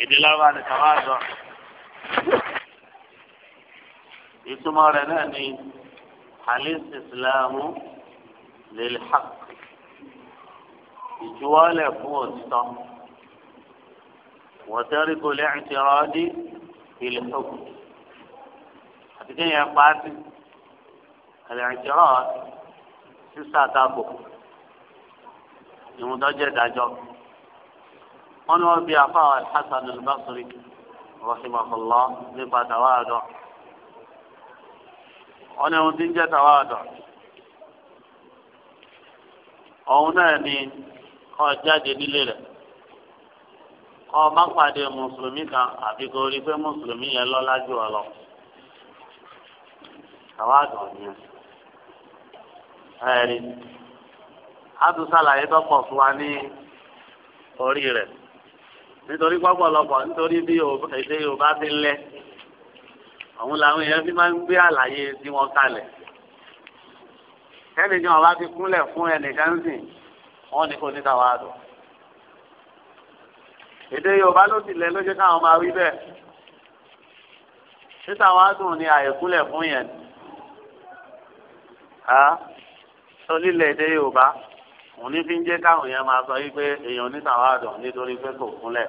èdè lábá ni kàmá sọ ìtumọ̀ rẹ̀ náà ni halis islamu lil haq ìjuwọ́lẹ̀ fún òtítọ́ wọ́tẹ́rì kò lè ti rọ́ọ́dí ilẹ̀ òkú àti kéèyàn paati àlẹ́rìntìrọ́ sísàtàkù ìmúdọ́jẹ́ dájọ́ wọn ni wọn bí afáwọn alhassan albasri rahimahullah nípa tàwáàdọ wọn ni wọn ti ń jẹ tàwáàdọ òun náà ni kó jáde nílé rẹ̀ kó bá pàdé mùsùlùmí kan àfi kó rí pé mùsùlùmí yẹn lọ́lá jù ọ lọ tàwáàdọ yẹn ẹ̀rí adùn sàlàyé tó pọ̀ fún wa ní orí rẹ̀ nítorí pọ́pọ̀lọpọ̀ nítorí bí èdè yorùbá ti lẹ àwọn làwọn èèyàn fi máa ń gbé àlàyé tí wọ́n kalẹ̀ kẹ́ni tí wọ́n bá fi kúnlẹ̀ fún ẹnìkan sìn wọ́n ní kò ní tàwa àdùn èdè yorùbá ló ti lẹ ló káwọn máa wí bẹ́ẹ̀ títà wa dùn ní àìkúnlẹ̀ fún yẹn ha sọ lílẹ̀ èdè yorùbá òní fi ń jẹ́ káwọn yẹn máa sọ wípé èèyàn ní tàwádàn nítorí pé kò kúnlẹ̀.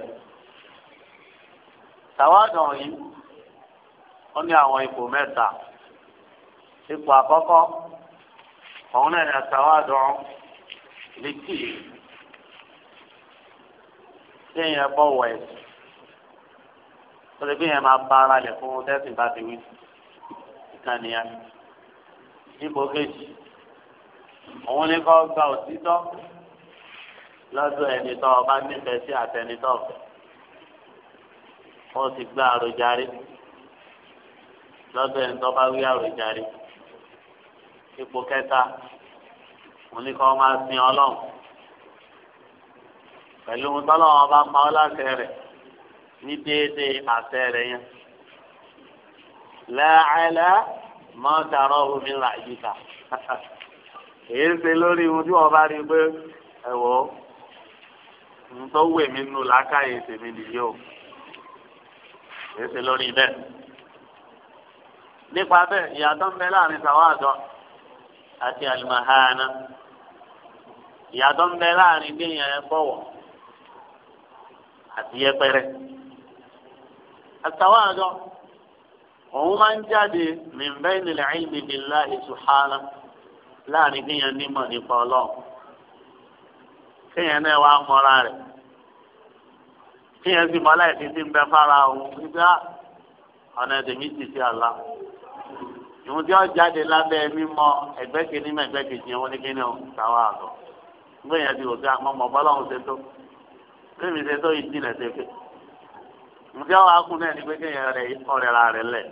tàwádàn yìí ó ní àwọn ipò mẹ́ta ipò àkọ́kọ́ òun náà ní tàwádàn létí kéèyàn bọ̀wọ̀ ẹ̀sìn tó lè kéèyàn máa bá ara lẹ̀ fún tẹ́sìn bá ti wí ìkànnì yẹn ipò kejì òun ní kọ́ gba òtítọ́ lọ́dọ̀ ẹni tó ọba nífẹ̀ẹ́ sí àtẹnitọ́ wọ́n ti gba àròjàre lọ́dọ̀ ẹni tó bá wí àròjàre ipò kẹta òun ní kọ́ máa sin ọlọ́run pẹ̀lú ohun tọ́lọ́wọ́n bá pa ọ́ láṣẹ rẹ̀ ní déédéé àṣẹ rẹ̀ yẹn lẹ́ẹ̀ẹ́lẹ́ mọ́tàrọ́ omi rà yíká kìí ṣe lórí ohun tí wọ́n bá rí pé ẹ̀wọ́ ohun tó wè mí nù lákàyè tèmi nìyí o kìí ṣe lórí bẹ́ẹ̀. nípa bẹ́ẹ̀ ìyàtọ̀ ń bẹ láàrin sàwádọ́ àti àlùmọ̀hánà ìyàtọ̀ ń bẹ láàrin gbẹ̀yìn ẹ̀fọ́wọ̀ àti yẹpẹrẹ. àtàwádọ́ òun máa ń jáde min bayni al-ilmi billahi subhanahu láàrin kéèyàn nímọ̀ nípa ọlọ́run kéèyàn náà wá mọ́ra rẹ̀ kéèyàn sì mọ aláìsí tí ń bẹ fara òun gbígbá ọ̀nà ẹ̀dẹ̀mí ti sí àlá ìwọ̀n tí wọ́n jáde lábẹ́ mímọ ẹgbẹ́ kìíní mọ ẹgbẹ́ kejì yẹn wọ́n ní kíní ọ̀hún táwa àgọ́ nígbà yẹn ti wò sí àpamọ́ bọ́lọ́hún ṣe tó bẹ́ẹ̀ mi ṣe tó yìí jìnà ṣe pé ǹjẹ́ wàá kún náà ní pé kéèyàn rẹ̀ ọ̀rẹ́ rẹ̀ lẹ̀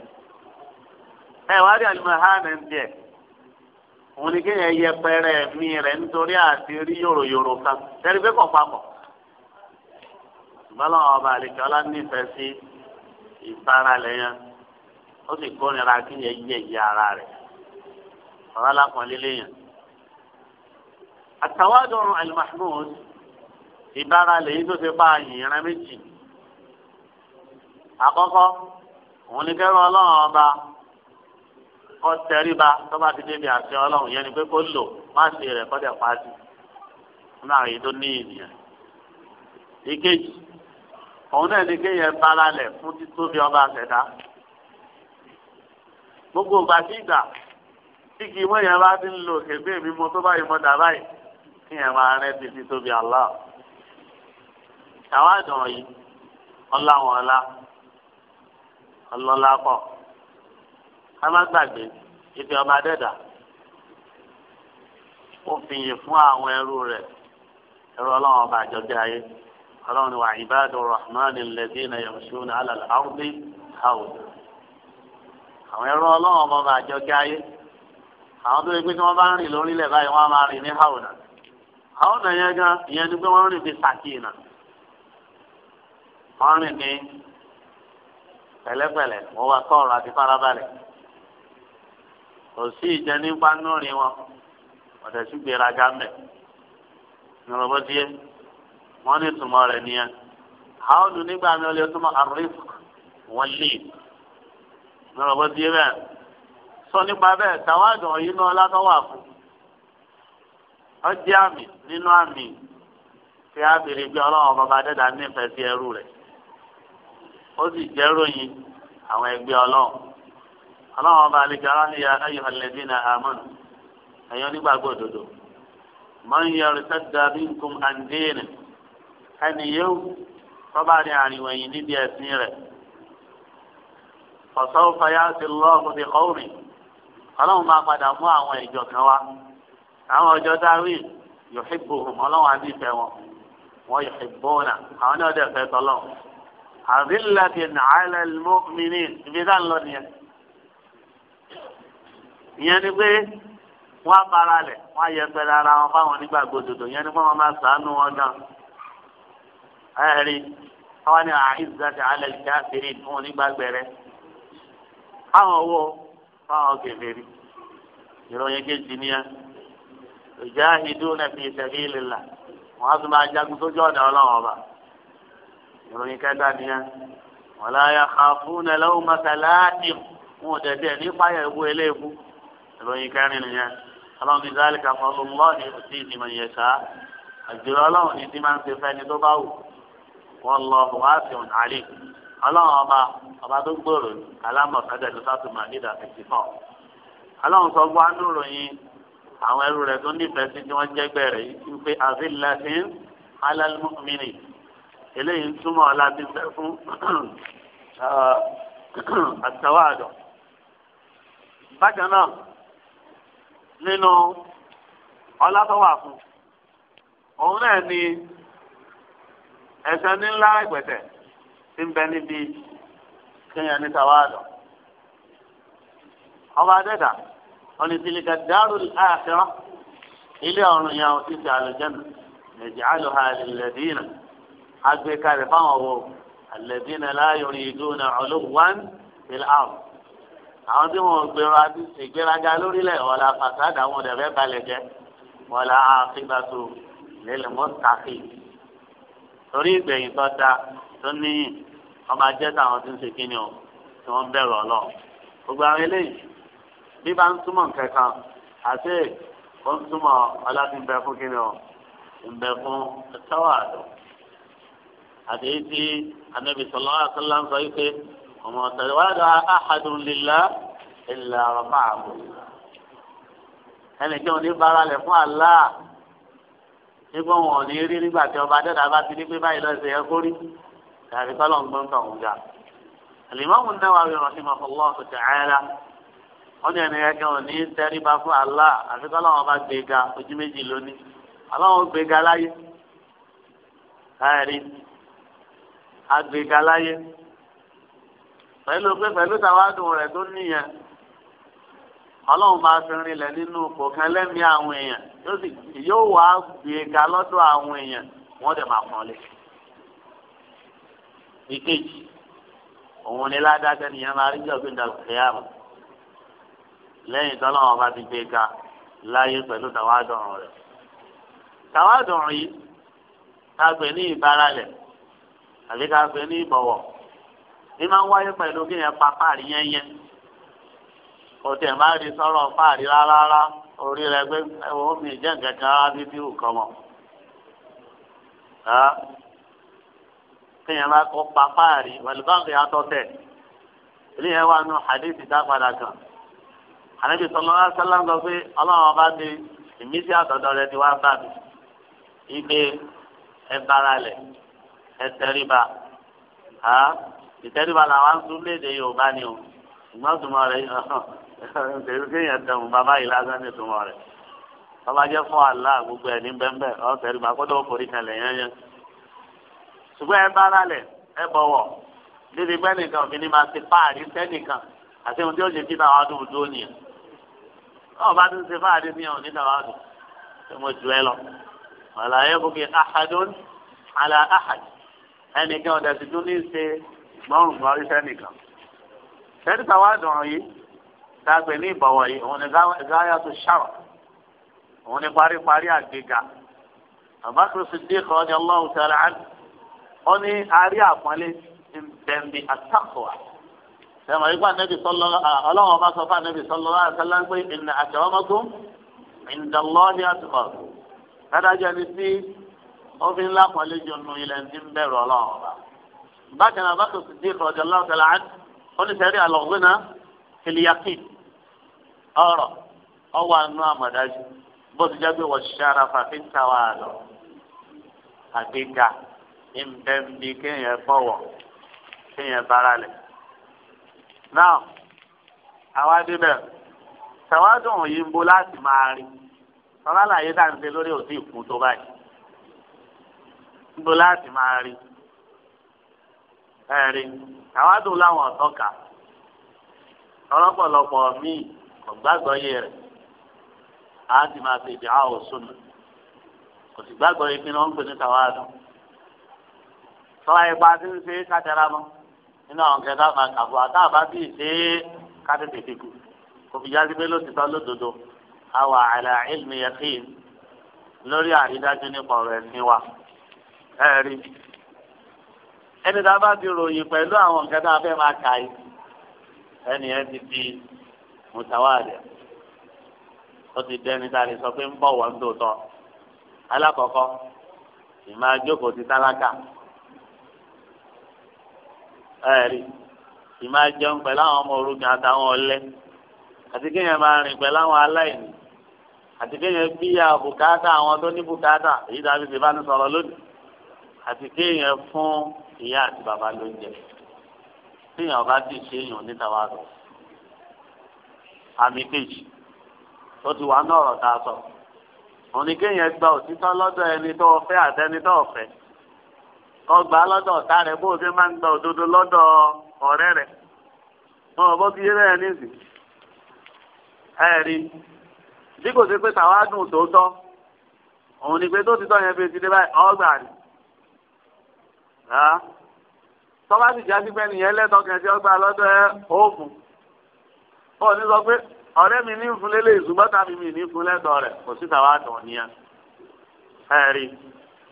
ẹ̀ wá rí àlùmọ̀ hánà ń díẹ̀ òun ni kéèyàn yẹpẹrẹ mi rẹ nítorí àti rí yòròyòrò kan tẹ́lí pé kọ̀ papọ̀ ìbálòun ọba àlejò ọlá nífẹ̀ẹ́ sí ìtara lẹ́yìn ó sì kórìíra kéèyàn yẹ ìyá ara rẹ̀ ọ̀rọ̀ alákọ̀ọ́lé lẹ́yìn. àtàwádọ́rùn alimahmud ìbára lèyí tó ti bá yìnyín méjì àkọ́kọ́ òun ni kẹ́rọ ọlọ́run ọba kọ́ tẹríba tó bá ti débi àṣẹ ọlọ́run yẹn ni pé kó lò má ṣe rẹ̀ kọ́ dẹ̀ pàṣẹ nínú àwọn èyí tó ní ènìyàn. ìkejì òun náà ni kéèyàn bára lẹ̀ fún títóbi ọba àṣẹ̀dá gbogbo ìgbà sí ìgbà tí kì í mọ èèyàn bá ti ń lo ègbé mi mo tó báyìí mo dà báyìí kéèyàn máa rẹ́ ti títóbi Allah àwọn àdàn yìí ọlá wọn ọlá ọlọ́lá pọ̀. ká má gbàgbé ìfẹ́ ọba dẹ́dà ó fi fún àwọn ẹrú rẹ̀ ẹrú ọba àjọgbé ayé ọlọ́run wa wà ìbáàdù rahman alladhina yamshuna ala al-ardi àwọn ẹrú ọlọ́run ọba àjọgbé ayé àwọn tó yẹ pé tí wọ́n bá ń rìn lórílẹ̀ báyìí wọ́n máa rìn ní yẹn gan ìyẹn ni pé wọ́n rìn bí sàkínà rìn ní wá àti kò sí ìjẹ nípa nùrìn wọn ọ̀tẹ̀ sí gbéraga ń bẹ̀ nírọ̀bọ́ díẹ̀ wọ́n ní ìtumọ̀ rẹ̀ nìyẹn àwọn ọdún nígbà mi ò lè túmọ̀ àríf wọn lè nírọ̀bọ́ díẹ̀ bẹ́ẹ̀ sọ nípa bẹ́ẹ̀ tàwádùn ọ̀yìn náà látọ̀wà fún ọjẹ́ àmì nínú àmì tí a béèrè bí ọlọ́run bàbá dẹ́dà nífẹ̀ẹ́ sí ẹrú rẹ̀ ó sì jẹ́ ròyìn àwọn ẹgbẹ́ ọlọ́run ọlọ́run ọba àlejòra ni ya ayọ̀ ẹlẹ́bí na amọ́n ẹ̀yọ́ nígbàgbọ́ òdodo man yẹrù sẹ́dá bí nkùn àǹdéèrè ẹni yóò tọ́ba ní àríwẹ̀yìn níbi ẹ̀sìn rẹ̀ ọ̀sán fayá ti lọ́ọ̀kùn ti kọ́ọ̀rì ọlọ́run máa padà mú àwọn ìjọ kan wá àwọn ọjọ́ dáwì yuhibbuhum ọlọ́run á nífẹ̀ẹ́ wọn wọ́n yuhibbuna àwọn náà dẹ̀ fẹ́ tọ́lọ́ àbílẹ̀ ti nàálẹ̀ mọ́mìnì ibi dáńlọ́ nìyẹn ìyẹn ni pé wọn á bára lẹ wọn á yẹpẹrẹ ara wọn fáwọn onígbàgbọ́ òdodo ìyẹn ni pé wọn máa sàánú wọn gan ẹẹrí wọn ni àìsàtì alẹ ìjà fèrè fún onígbàgbẹrẹ fáwọn owó fáwọn kèfèrí ìròyìn kejì ni ẹ ìjà ìdúró náà fi ìṣẹ̀lẹ̀ ìlera wọn á tún máa jagun sójú ọ̀dà ọlọ́wọ́n ọba ìròyìn kẹta ni ẹ wọn láyà kà fún ẹ lọ́wọ́ mọ́tàlá ẹ̀ wọn ò dẹ̀ dẹ̀ nípa ẹ̀ wọ eléegun ìròyìn kẹrin nìyẹn ọlọ́run ní sáà lẹ́ka fọlọ́ lọ́ọ̀dì sí ìdìmọ̀ yẹn sá àjùlọ ọlọ́run ní ti máa ń ṣe fẹ́ni tó bá wù wọ́n lọ wá sí ọ̀nà àlè ọlọ́run ọba ọba tó gbòòrò alámọ̀ fẹ́dẹ̀ tó sátúmọ̀ nídà fifty four ọlọ́run sọ gbọ́ àánú ròyìn àwọn ẹrú rẹ̀ tó nífẹ̀ẹ́ sí tí wọ́n jẹ́ gbẹ̀rẹ̀ yìí pé àfihàn alálùmíìnì eléyìí ń túmọ̀ láti fẹ́ fún àtàwádọ̀ uh, bákan náà nínú ọlá tó wà fún òun náà ni ẹ̀sẹ̀ ńlá ẹ̀gbẹ̀tẹ̀ ti ń bẹ níbi kéèyàn ní tàwádọ̀ ọba adẹ́dà ọ̀nìtìlíkà dárul àkhírà ilé ọ̀run yẹn ti ti àlùjẹ́nà naj'aluha lilladhina agbèkalẹ̀ fáwọn wo alladhina la yuriduna 'uluwan fil ard àwọn tí wọn gbèrò àdìsí gbéraga lórílẹ̀ wọlé àfàsádà wọn dẹ̀fẹ́ balẹ̀ jẹ́ wọlé àfibàtò lẹ́lẹ̀ mọ́tàkì torí ìgbẹ̀yìn tó da tó níyìn ọmọ ajẹ́ táwọn ti ń ṣe kíni o tí wọ́n bẹ̀rù ọ̀lọ́ gbogbo àwọn eléyìí bí bá ń túmọ̀ kankan àti ó ń túmọ̀ ọlọ́dúnbẹ fún kíni o ìbẹ fún tọ́wọ́ àdó àti èyí tí anábìsọ̀lọ́ àtúnlá ń sọ yìí pé ọmọ tẹ̀lé wàá dọ̀ ahadun lila ilà ọ̀pá àbò ẹnìkan ní baralẹ̀ fún àlá nígbà wọn ò ní rí nígbà tí ọba dẹ́dá bá ti ní pé báyìí lọ́sẹ̀ ẹ kó rí tàbí kọ́ lọ́n gbọ́n tọ̀hún ga Al-Imam An-Nawawi rahimahullah ta'ala wọ́n ní ẹnìyẹn ò ní tẹríba fún àlá àfi kọ́ lọ́wọ́ bá gbé ga ojú méjì lónìí aláwọ̀ gbé ga láyé káyẹ̀rí agbèga láyé pẹ̀lú pé pẹ̀lú tàwádùn rẹ̀ tó níyẹn ọlọ́run máa fi rinlẹ̀ nínú ipò kan lẹ́mìí àwọn èèyàn yóò wá gbé ga lọ́dọ̀ àwọn èèyàn wọ́n dẹ̀ máa pọ́n lé. ìkejì òun ni ládàjẹ́ nìyẹn máa rí jọ̀gbé ìdàgbàsíyàmù lẹ́yìn tọ́lọ́wọ́n bá ti gbé ga láyé pẹ̀lú tàwádùn rẹ̀. tàwádùn yìí ká pè ní ìbáralẹ̀ àbí ká pè ní ìbọ̀wọ̀ ní máa ń wáyé pẹ̀lú kí yẹn pa fáàrí yẹn yẹn kò tẹ̀ máa di sọ̀rọ̀ fáàrí rárá orí rẹ gbé ẹ̀wọ̀n mi jẹ́ nǹkan kan rárá bíbí nǹkan mọ̀ kí yẹn máa kọ́ pa fáàrí pẹ̀lú báńkì àtọ́tẹ̀ ilé yẹn wà nù hadithi dá padà kan ànábi sọlọ sọlá ń lọ pé ọlọ́run bá di ìmísí àtọ̀dọ̀ rẹ ti wá bá mi ẹ bára lẹ̀ ẹ tẹríba ìtẹ́ríba làwọn tún léde yorùbá ni o ṣùgbọ́n tùmọ̀ rẹ̀ tèmi kéèyàn tẹ̀wọ̀n bàbá yìí lásán ní tùmọ̀ rẹ̀ bàbá jẹ́ fún àlá gbogbo ẹ̀ ní bẹ́ńbẹ́ ọ̀ tẹ̀ríba kódà ó forí kalẹ̀ yányán ṣùgbọ́n ẹ bá rálẹ̀ ẹ bọ̀wọ̀ níbi pẹ́ nìkan òfin ni máa ti páàrí sẹ́nìkan àti ohun tí ó ṣe kí táwọn adùn dúró nìyẹn náà bá tún ṣe fáàrí nìyẹn òní táwọn adùn ṣe mo jù ẹ lọ àlàyé bókè ahadun àlà ahad ẹnìkan ọ̀dẹ̀ tuntun ní ṣe lọ́rùn kan rí sẹ́nìkan sẹ́ni tàwa dọ̀rùn yìí tá a gbé ní ìbọ̀wọ̀ yìí òun ni gáyà tó ṣàrọ̀ òun ni paríparí àgbéga àbákùrù Siddiq radiyallahu ta'ala anhu ó ní arí àpọ́nlé bẹ̀m̀bì àtàkùwà sẹ́wọ̀n yìí fún anabi sọlọ ọlọ́run ọba sọ fún anabi sọlọ àṣàlá pé ìnà àtẹwọ́mọ́kùn ìndàlọ́ọ̀ni àtùkọ̀ dáadáa jẹ́ ni tí ó fi ńlá pọ́nlé jọ nù ilẹ̀ ń ti bẹ̀rù ọlọ́run ọba bákan náà bákan sì dín ìkọ̀rọ̀jà lọ́sẹ̀lá án oníṣẹ́rí àlọ́gbìnà kìlíyàkì ọ̀rọ̀ ọwọ́ àánú àmọ̀dájú bó ti jágbé wọ́n ṣára fàfin tàwa àlọ́ àgbéga ìbẹ̀m̀bì kéèyàn fọwọ́ kéèyàn bára lẹ̀. náà àwa débẹ̀ tàwádùn yìí ń bo láti máa rí ọlọ́làyé dáńtẹ́ lórí òsì ìkú tó báyìí ń bo láti máa rí ẹ̀rí àwọn àdùn láwọn ọ̀tọ́ka ọlọ́pọ̀lọpọ̀ míì ọ̀gbàgbọ́ yé rẹ̀ á ti máa fi ìdí àwọn òṣùnà kò sì gbàgbọ́ yé pinnu ń pè ní tàwọn àdùn sọ́wọ́ ipa tí ń ṣe kájára mọ́ nínú àwọn kẹta máa kàfọ́ àtàwọn bá bíi ṣe kátètè ti kò fi yá sí pé lóòtítọ́ lódodo àwa àlà ilmi yaqin lórí àrídájú nípa ọ̀rọ̀ ẹ̀sìn wa ẹ̀rí ẹni tá a bá ti ròyìn pẹ̀lú àwọn nǹkan tá a fẹ́ máa kà yìí ẹni yẹn ti di mùtàwádìí ó ti dẹni tá a lè sọ pé ń bọ̀ wọ́n tòótọ́ alákọ̀ọ́kọ́ ìmọ̀ àjókòó ti tálákà ẹ̀rí ìmọ̀ àjẹun pẹ̀lú àwọn ọmọ òrukàn àtàwọn ọ̀lẹ àti kéèyàn máa rìn pẹ̀lú àwọn aláìní àti kéèyàn bíyà bùkátà àwọn tó ní bùkátà èyí tàbí ti bá ní sọ̀rọ̀ lónìí àti kéèyàn fún ìyá àti bàbá lóúnjẹ téèyàn bá ti ṣe èèyàn nítawá rẹ àmì kejì tó ti wà ní ọ̀rọ̀ tá a sọ òun ni kéèyàn gba òtítọ́ lọ́dọ̀ ẹni tó fẹ́ àtẹni tó fẹ́ ọgbà lọ́dọ̀ ọ̀tá rẹ bó o ṣe máa ń gba òdodo lọ́dọ̀ ọ̀rẹ́ rẹ wọn ò bó ti yé rẹ nísì ẹ rí bí kò ṣe pé tàwa dùn tòótọ́ òun ni pé tó ti tọ́ yẹn fi ti dé báyìí ọgbà rẹ. tọ́ba ti jáde pé nìyẹn lẹ́tọ̀kẹ́ tí ó gbà lọ́dọ̀ ẹ òògùn ó ní sọ pé ọ̀rẹ́ mi ní fún lélẹ̀ ìṣùgbọ́n tàbí mi ní fún lẹ́tọ̀ rẹ̀ kò sí tàwádọ̀ nìyẹn ẹ̀rí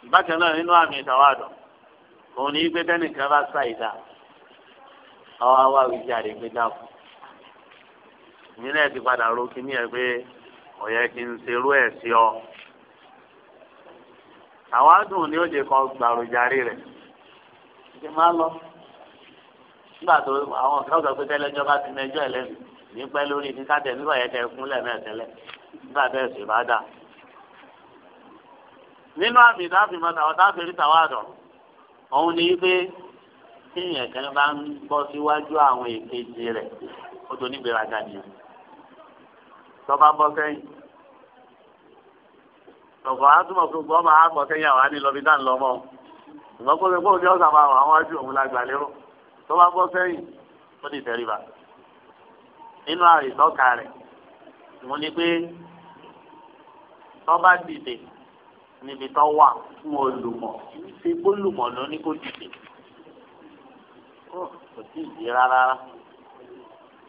ìbákan náà nínú àmì tàwádọ̀ òun ní pé tẹ́nìkan bá ṣàìdá ọwọ́ wa wíjà rẹ̀ gbé dáàbò mi náà ti padà ro ẹ pé ọ̀yẹ́ kí n ẹ̀ sí ọ ni ó ṣe máa lọ nígbà tó àwọn ọ̀gá ọ̀gá pé tẹ́lẹ̀ ìjọba ti mẹjọ ẹlẹ́nu ní pẹ́ lórí ní káàtẹ́ nígbà yẹn tẹ́ kúnlẹ̀ náà tẹ́lẹ̀ nígbà bẹ́ẹ̀ sì bá dà. nínú àmì ìdáfìmọ̀ tàwọn táfì rí tàwọn àdọ̀ òun ni pé kéèyàn kan bá ń bọ́ síwájú àwọn èkejì rẹ̀ ó tó nígbèrágà nìyẹn tọ́ba bọ́ sẹ́yìn tọ̀gbọ́n á túmọ̀ fún gbọ́ máa bọ́ àwọn á dáńlọ́mọ́ ṣùgbọ́n kó ṣe kóun ní ọ̀sán máa wà wájú òun lágbà lérò tó bá bọ́ sẹ́yìn ó di tẹríba nínú àìsọ́ka rẹ̀ mo ní pé tó bá dìde níbi tó wà fún olùmọ̀ ṣe gbólùmọ̀ ló ní kó dìde kò sí ìdí rárá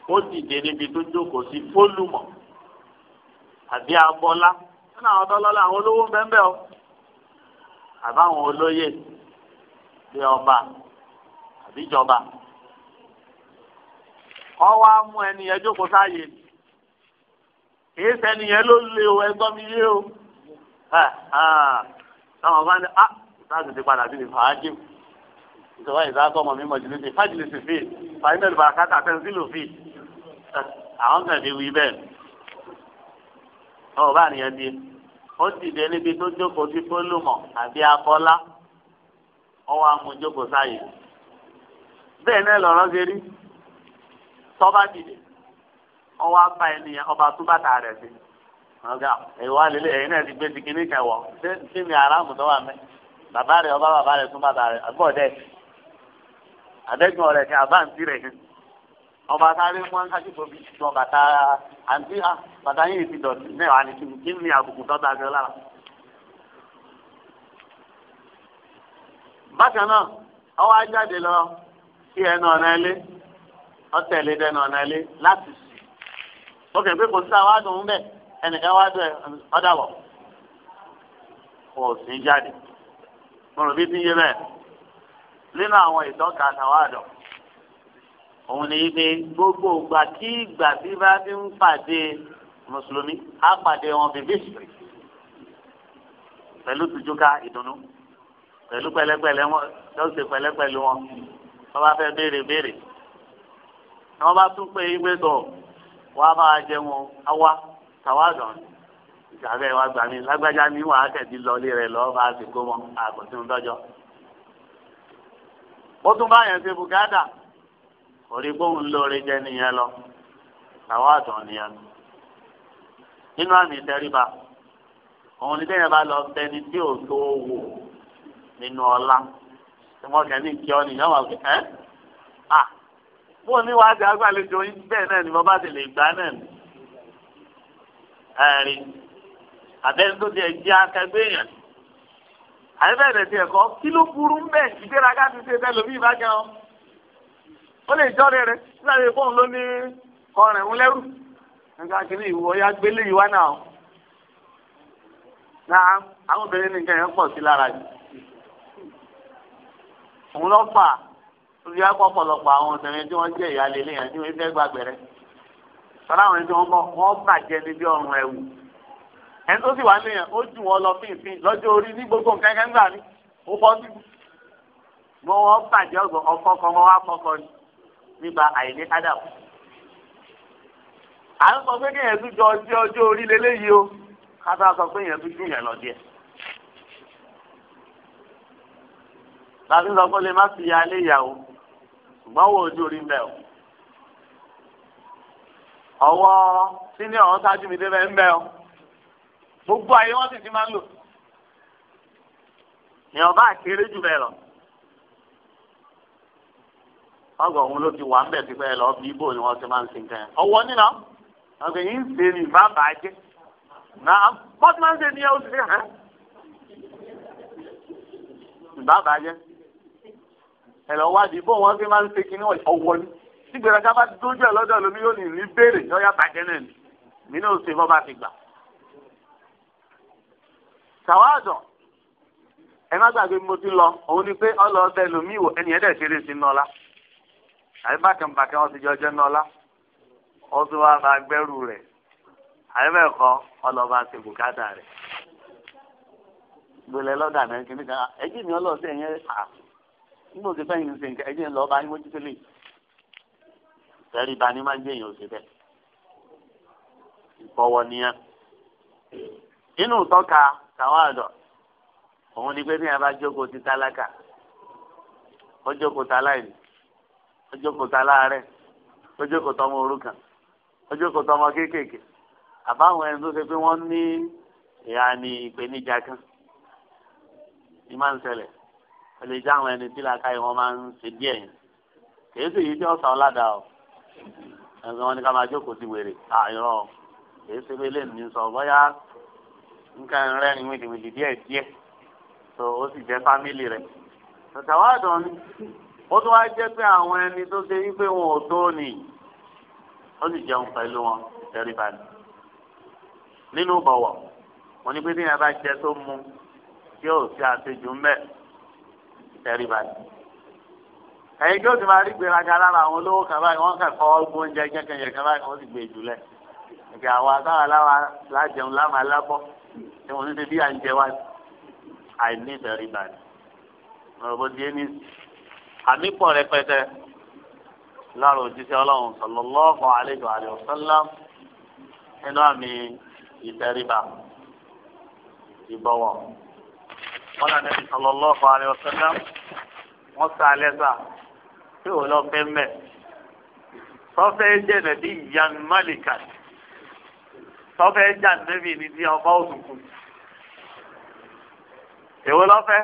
ó dìde níbi tó jókòó sí fólùmọ̀ àbí abọ́lá nínú àwọn tọ́lọ́lá àwọn olówó ń bẹ́ẹ̀ o àbáwọn olóyè bí ọba àbíjọba ọwọ́ á mú ẹni yẹn jókòó sáàyè kìí sẹ́ni yẹn ló lé o ẹgbọ́n mi yé o táwọn bá ní a ah, láti ti padà sí ní fàájì ìjọba ìzákọ ọmọ mi mọ̀jú lóde fájìlì sì fi fàájìlì bàràkátà tẹ́ńsílò fi àwọn kan ti wí bẹ́ẹ̀ ọba nìyẹn di ó dìde níbi tó jókòó sí fólùmọ̀ àbí akọ́lá. ọwọ́ amújókòó sáyé bẹ́ẹ̀ náà lọ́rọ́ gẹ́rí tọ́ba dìde ọwọ́ apá ènìyàn ọba tún rẹ̀ sí ọgá ẹ̀yin náà ti gbé ti kíní kẹwọ́ sí aráàmù tó wà mẹ́ bàbá rẹ̀ ọba bàbá rẹ̀ tún bàtà rẹ̀ àbọ̀dẹ́ àdẹ́gbọ̀n rẹ̀ kí àbáǹtí rẹ̀ kí ọba sáré wọn kájú tóbi ṣùgbọ́n bàtà àǹtí bàtà yìí ti dọ̀tí kí ni àbùkù tọ́ta lára. bákan náà ọwọ́ ajáde lọ sí ẹnu ọ̀nà ilé ọ̀tẹ̀lẹ̀ dẹnu ọ̀nà ilé láti sì ó kẹ̀ pé kò sí àwọn àdùn ń bẹ̀ ẹnìkan wá dùn ọ̀dàbọ̀ kò sí jáde mo rò bí ti yé bẹ́ẹ̀ nínú àwọn ìtọ́ka àtàwọn àdùn òun ni pé gbogbo ìgbà kí ìgbà tí bá ti ń pàdé mùsùlùmí á pàdé wọn bèbè sùn pẹ̀lú tìjúká ìdùnnú pẹ̀lú pẹ̀lẹ́pẹ̀lẹ́ wọn yóò ṣe pẹ̀lẹ́pẹ̀lú wọn wọ́n bá fẹ́ béèrè béèrè ni wọ́n bá tún pé igbe tó wọ́n á máa jẹun awa tàwádàn ìgbàgbẹ́ wa gbà mí lágbájá ní wàá tẹ̀sí lọlé rẹ̀ lọ́ọ́ bá ti kó mọ́ àkọsíun dọ́jọ́ ó tún báyẹn ṣe bùkátà orí gbóhùn lóore jẹ́ nìyẹn lọ tàwádàn nìyẹn nínú àmì ìtẹríba òun ní tẹ́yẹ̀ bá lọ bẹni tí ò tó wò. nínú ọlá tí wọ́n kẹ́ ní kí ọ nìyẹn wà pé à mo ní wàá di yín bẹ́ẹ̀ náà ni mo bá ti lè gbá náà ni ẹ̀rí àbẹ́ni tó ti ẹ̀ jẹ́ akẹgbẹ́ yẹn ti kí ló burú ti ṣe bẹ́ẹ̀ lómi ìbá ó lè jọ́ rẹ̀ rẹ̀ nígbà tí fóun ló ní kọrin ya gbélé ìwá náà àwọn òun lọ fà lórí akọ ọ̀pọ̀lọpọ̀ àwọn obìnrin tí wọ́n jẹ́ ìyáálé ilé yẹn tí wọ́n fẹ́ gbàgbẹ̀rẹ̀ sọ́dọ̀ àwọn tí wọ́n bọ̀ wọ́n bàjẹ́ níbi ọrùn ẹ̀wù ẹni tó sì wà nílẹ̀ ó jù wọ́n lọ fínfín lọ́jọ́ orí ní gbogbo nǹkan kan gbà ní ó bọ́ sí mo wọ́n bàjẹ́ ọkọ kan wọ́n wá kọ́kọ́ ni nípa àìní adam à ń sọ pé kéèyàn tún jọ ọjọ́ orí lélẹ́yìí o ká tó a sọ pé èèyàn tún jù yẹn lọ díẹ̀ láti sọ pé lè má fi ya ilé ìyàwó ṣùgbọ́n wò ojú rí mbẹ́ o. ọwọ́ sínú ọ̀hún ṣáájú mi débẹ̀ ń o. gbogbo ayé wọ́n sì ti máa ń lò. èèyàn bá kéré jù bẹ́ẹ̀ lọ. ọgọ̀ òun ló ti wà ń bẹ̀ tipẹ́ lọ bí ibo ni wọ́n ti máa ń sin kẹ́hìn. ọwọ́ nínà ọ̀gbìn yìí ń ṣe ní ìbá bàjẹ́. náà bọ́tí máa ń ṣe ní ẹ̀ hàn. ìbá bàjẹ́ ẹ̀rọ wádìí bó wọn fi máa ń ṣe kinní ọwọ́ ni sígbèrè ká bá dójú ẹ̀ lọ́dọ̀ lómi yóò ní ní béèrè lọ́yà bàjẹ́ náà ni mí náà ṣe bọ́ bá ti gbà. sàwádọ̀ ẹ má gbàgbé mo ti lọ òun ni pé ọlọ́ọ̀bẹ lómi wò ẹni ẹ̀dẹ̀ ṣeré sí nọ́lá àyè bákan bákan wọn ti jọ jẹ́ nọ́lá wọn tún wá máa gbẹ́rù rẹ̀ àyè bẹ́ẹ̀ kọ́ ọlọ́ọ̀bá ṣe bùkátà rẹ̀ gbọ́lẹ̀ lọ́dà náà kìnnìkan nígbà tí fẹ́yìn ṣe nǹkan ẹ̀jẹ̀ lọ́ọ́ bá yín mójútó lè tẹ́rí ba ni máa ń jẹ́yìn òsè bẹ́ẹ̀ ìfọwọ́ nìyẹn inú tọ́ka tàwọn àdọ̀ òun ni pé bí wọn bá jókòó ti tálákà ó jókòó ta láìní ó jókòó ta láàárẹ̀ ó jókòó tọmọ òrukàn ó jókòó tọmọ kéékèèké àbáwọn ẹni tó ṣe pé wọ́n ní ìhà ní ìpèníjà kan ìmáà ó lè àwọn ẹni tí làákàyè wọn máa ń ṣe díẹ̀ yẹn sì yí tí ọ̀sà ọ̀làdà o ẹ̀sìn wọn ni ká máa jókòó sí wèrè àìrọ̀ kì í ṣe pé lè ní sọ bóyá nǹkan rẹ́rìn wìdìwìdì díẹ̀ díẹ̀ tó ó sì jẹ́ fámìlì rẹ̀ tàwádọ̀ ni ó tún wá jẹ́ pé àwọn ẹni tó ṣe wípé wọn ò tó nì ó sì jẹun pẹ̀lú wọn tẹríba nínú bọ̀wọ̀ wọn ni pé tí yẹn bá jẹ tó mu tí yóò ṣe àṣejù ń tẹ́rí báyìí. ẹ̀yin tó ti máa rí gbéraga lára àwọn olówó kan báyìí wọ́n kàn kọ́ ọgbọ́n oúnjẹ kẹ́kẹ́yẹ kan báyìí wọ́n sì gbé jùlẹ̀. ìgbà àwọn akáwà láwa lájẹun láwọn alábọ́ tí wọ́n ti bí à ń jẹ wá àìní tẹ́rí báyìí. ọ̀rọ̀ àmì pọ̀ rẹpẹtẹ lára òjíṣẹ́ ọlọ́run sallallahu alaihi wa sallam nínú àmì ìtẹríba ìbọ̀wọ̀ wọn lànà bí sallallahu alaihi wasallam wọn sá alẹ́ sá tí ò lọ fẹ́ mẹ́ sọfẹ́ jẹ́ nàbí yan málìkà sọfẹ́ jà nàbí ni ti ọba òtùkù èwo lọ́fẹ́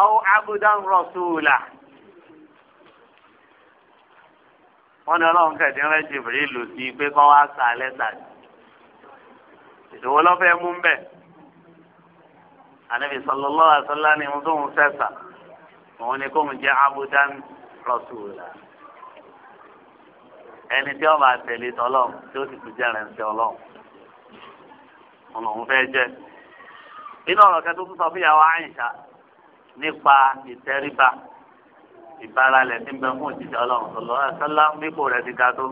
àwọn abudan rọ̀ṣùlà wọ́n ní ọlọ́run kẹ̀dínrẹ́ jìbìrì lù pé kọ́ wá sá alẹ́ sá ìṣòwò lọ́fẹ́ mú bẹ́ẹ̀ anabi sallallahu alaihi wasallam ni mo tó ń sẹsà òun ni kó mo jẹ abudan rasula ẹni tí ọba àtẹlẹ tọlọ tí ó sì tún jẹ rẹ ń sẹ ọlọ òun lòun fẹ́ jẹ inú ọ̀rọ̀ kẹtù tó sọ fún ìyàwó àyìnṣà nípa ìtẹríba ìbáralẹ̀ tí ń bẹ fún òjijì ọlọ́run sọlọ ẹ̀sọ́lá nípò rẹ̀ ti ga tó.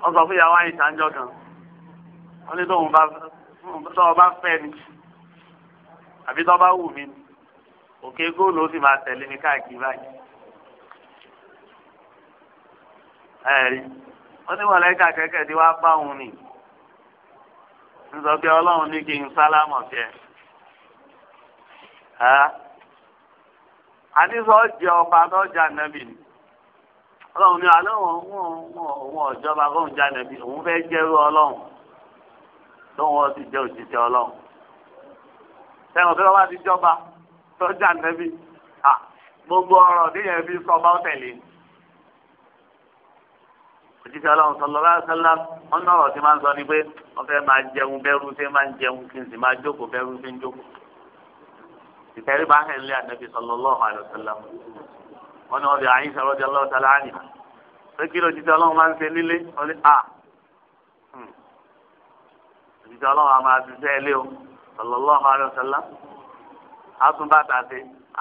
wọ́n sọ fún ìyàwó àyìnṣà ń kan wọ́n ní tóun bá fẹ́ ni àbí tó bá wù mí òkè góòlù ó sì máa tẹ̀lé mi káàkiri báyìí. ẹ̀rí wọ́n ní mọ̀lẹ́kà kẹ́kẹ́ tí wàá bá òun nì ń sọ pé ọlọ́run ní kí n sálámọ̀ sí ẹ. àdìsọ́ jẹ ọba tó jà ni ọlọ́run ní alẹ́ wọn òun ọ̀jọba kóun jà nẹ́bì òun fẹ́ jẹ́rú ọlọ́run tó sì jẹ́ òṣìṣẹ́ ọlọ́run sẹ́wọ̀n tó wá di jọba sọ́jà nẹ́bí gbogbo ọ̀rọ̀ déyẹn fi sọ bá tẹ̀lé òjijì ọlọ́run sọlọ bá sọlá wọn ní ọ̀rọ̀ tí máa ń sọ ni pé wọ́n fẹ́ máa jẹun bẹ́rù tí máa ń jẹun kí n sì máa jókòó bẹ́rù tí ń jókòó ìtẹ́rí bá hẹ̀ lé ànábì sọlọ lọ́ọ̀hún àlọ́sọlá wọn ní wọ́n fi àyín sọ̀rọ̀ jẹ́ lọ́ọ̀tà láàánì sallallahu alaihi wasallam àtúntàtà sí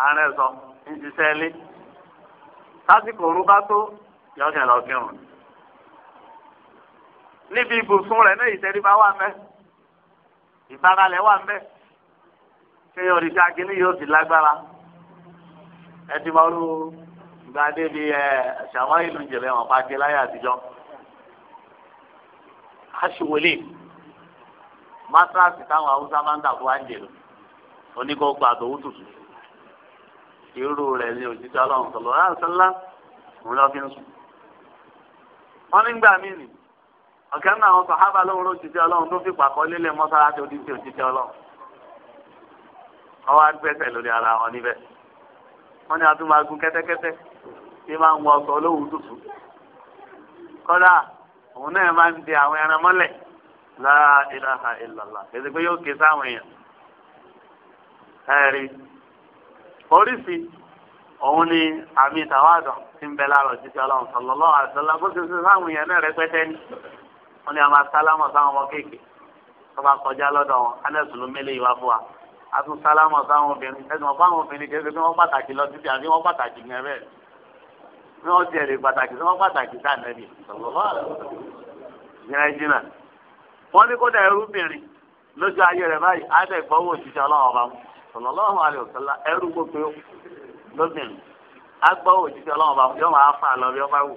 arẹ́sọ ń ṣiṣẹ́ lé sásìkò òru bá tó yọ̀ọ́kẹ́ lọ kírun níbi ibùsùn rẹ̀ náà ìtẹríba wà mẹ́ ìfaralẹ̀ wà mẹ́ kéèyàn rí káàkiri ní yóò ti lágbára ẹ ti máa rú gbadé bíi ẹ ṣàwọn ìlú ìjẹ̀lẹ̀ wọn pàṣẹ láyé àtijọ́ aṣèwọlé. matrasi táwọn haúsá máa ń dà fún wáńjẹ lọ oníkókó àtòwú tutù irú rẹ̀ ni òjijì Ọlọ́run sọlọ ọlá ọla òun lọ fi ń sùn. wọn nígbà míì nì ọ̀kẹ́ náà àwọn sọ̀hábà lóhùn òjijì Ọlọ́run tó fi pàkọ́ lélẹ̀ mọ́sálásí odidi òjijì Ọlọ́run ọwọ́ lórí ara wọn tí máa ń wọ la ilaha illallah èdè pé yóò ké sáwọn èèyàn ẹ̀rí oríṣi òun ni àmì tàwádọ̀ ti ń bẹ láàrọ̀ títí ọlọ́run sallallahu alaihi wasallam bó ti ṣe sáwọn èèyàn náà rẹpẹtẹ ni wọn ni a máa sálámọ̀ sáwọn ọmọ kéèké tó bá kọjá lọ́dọ̀ wọn anẹ́sùn ló mélé ìwà fún wa a tún sálámọ̀ sáwọn obìnrin ẹ̀sìn wọn fáwọn obìnrin kì í ṣe pàtàkì lọ títí àbí wọ́n pàtàkì gan bẹ́ẹ̀ ni wọ́n ti ẹ̀rẹ̀ pàtàkì sí wọ́n pàtàkì sáà nẹ́bì sallallahu wọ́n ní kódà ẹrúbìnrin lójú ayé rẹ̀ báyìí ádẹ́ ìfọwọ́ òṣìṣẹ́ ọlọ́run ọba mu sallallahu alaihi wasallam ẹrú gbogbo lóbìnrin agbọ́wọ́ òṣìṣẹ́ ọlọ́run ọba mu yọ máa fà lọ bí ọba wù.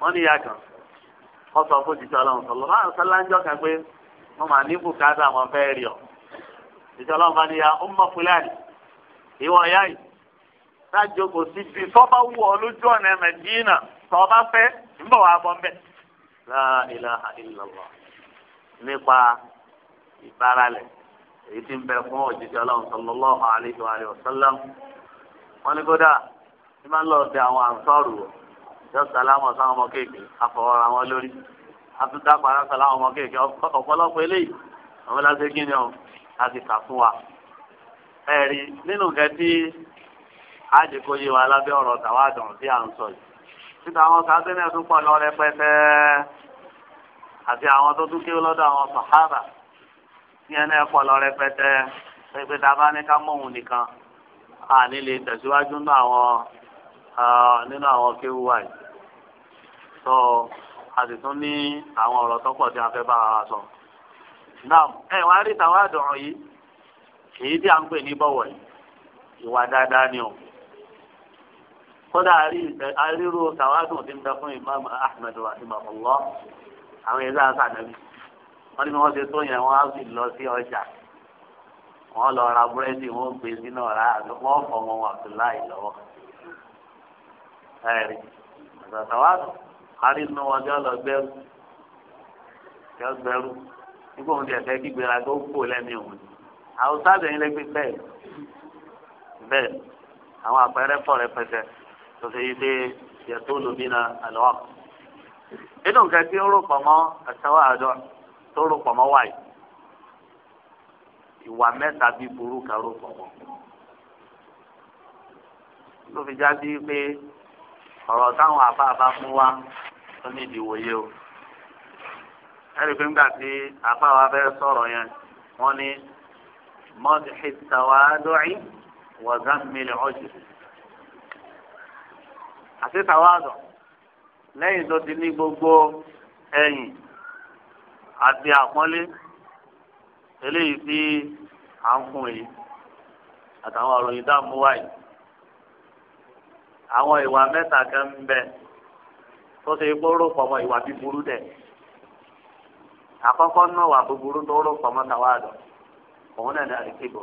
wọ́n ní wọ́n sọ fún òṣìṣẹ́ ọlọ́run ń jọ kan pé wọ́n máa ní bùkátà wọn fẹ́ rí ọ. òṣìṣẹ́ ọlọ́run bá ní ya ó fúlàní la ilaha nípa ìbáralẹ̀ èyí tí ń bẹ fún òjijì ọlọ́run sallallahu alayhi wa wọn ní kódà ní máa ń lọ àwọn sáwọn ọmọ kéèké wọn lórí ọmọ kéèké ọ̀pọ̀lọpọ̀ eléyìí àwọn kí ni ọ láti kà fún wa ẹ̀rí nínú kẹ́tí àjẹkọ́yé wa lábẹ́ ọ̀rọ̀ tàwa dùn sí à ń sọ yìí. síta àwọn sàábẹ́ náà tún pọ̀ lọ rẹpẹtẹ àti àwọn tó tún kéwọ́ lọ́dọ̀ àwọn sàhábà yẹn náà pọ̀ lọ rẹpẹtẹ pẹpẹ tá a bá ní ká mọ òun nìkan a ní lè tẹ̀síwájú nínú àwọn nínú àwọn kéwù wa yìí sọ a sì tún ní àwọn ọ̀rọ̀ tó pọ̀ tí a fẹ́ bá ara sọ. náà ẹ wá rí tàwa àdùn yìí èyí tí a ń pè ní bọ̀wọ̀ yìí ìwà dáadáa ni o. kódà àríro sàwádùn ti ń bẹ fún imam ahmed rahimahullah àwọn ẹ̀dá sànàbí wọ́n ní wọ́n ṣe tó yẹn wọ́n á sì lọ sí ọjà lọ ra búrẹ́dì wọ́n gbé sínú ọ̀rá wọ́n fọ ọmọ wọn abdullahi lọ́wọ́ ẹ̀rí sàwádùn àrínú wọn jọ lọ gbẹrú jọ gbẹrú nígbà wọn ti ẹ̀fẹ́ tó kó àwọn sábẹ̀ yín bẹ́ẹ̀ bẹ́ẹ̀ àwọn àpẹẹrẹ pọ̀ rẹpẹtẹ. tó ṣe yí pé yàtọ̀ lómi na àlọ́wà. nínú nǹkan tí ó rò pọ̀ mọ́ àtàwọn àjọ tó rò pọ̀ mọ́ wáyé ìwà mẹ́ta bí burú kan rò pọ̀ mọ́. ló fi já sí pé ọ̀rọ̀ táwọn àfáàfá fún wa tó ní ìdìwòye o. ẹ̀rí pé nígbà tí àfáàwá fẹ́ sọ̀rọ̀ yẹn wọ́n ní mọ́tì ṣe tàwa wọ́n zá mílíọ̀nù ọ̀jẹ̀ àti tàwádọ̀ lẹ́yìn tó ti ní gbogbo ẹ̀yìn àti àpọ́nlé eléyìí tí à ń fún yìí àtàwọn òròyìn tá à ń mú wáyé àwọn ìwà mẹ́ta kan ń bẹ tó ṣe kó rò pọ̀ mọ́ ìwà búburú dẹ̀ àkọ́kọ́ náà wà búburú tó rò pọ̀ mọ́ tàwádọ̀ òun náà ní àdìsíbò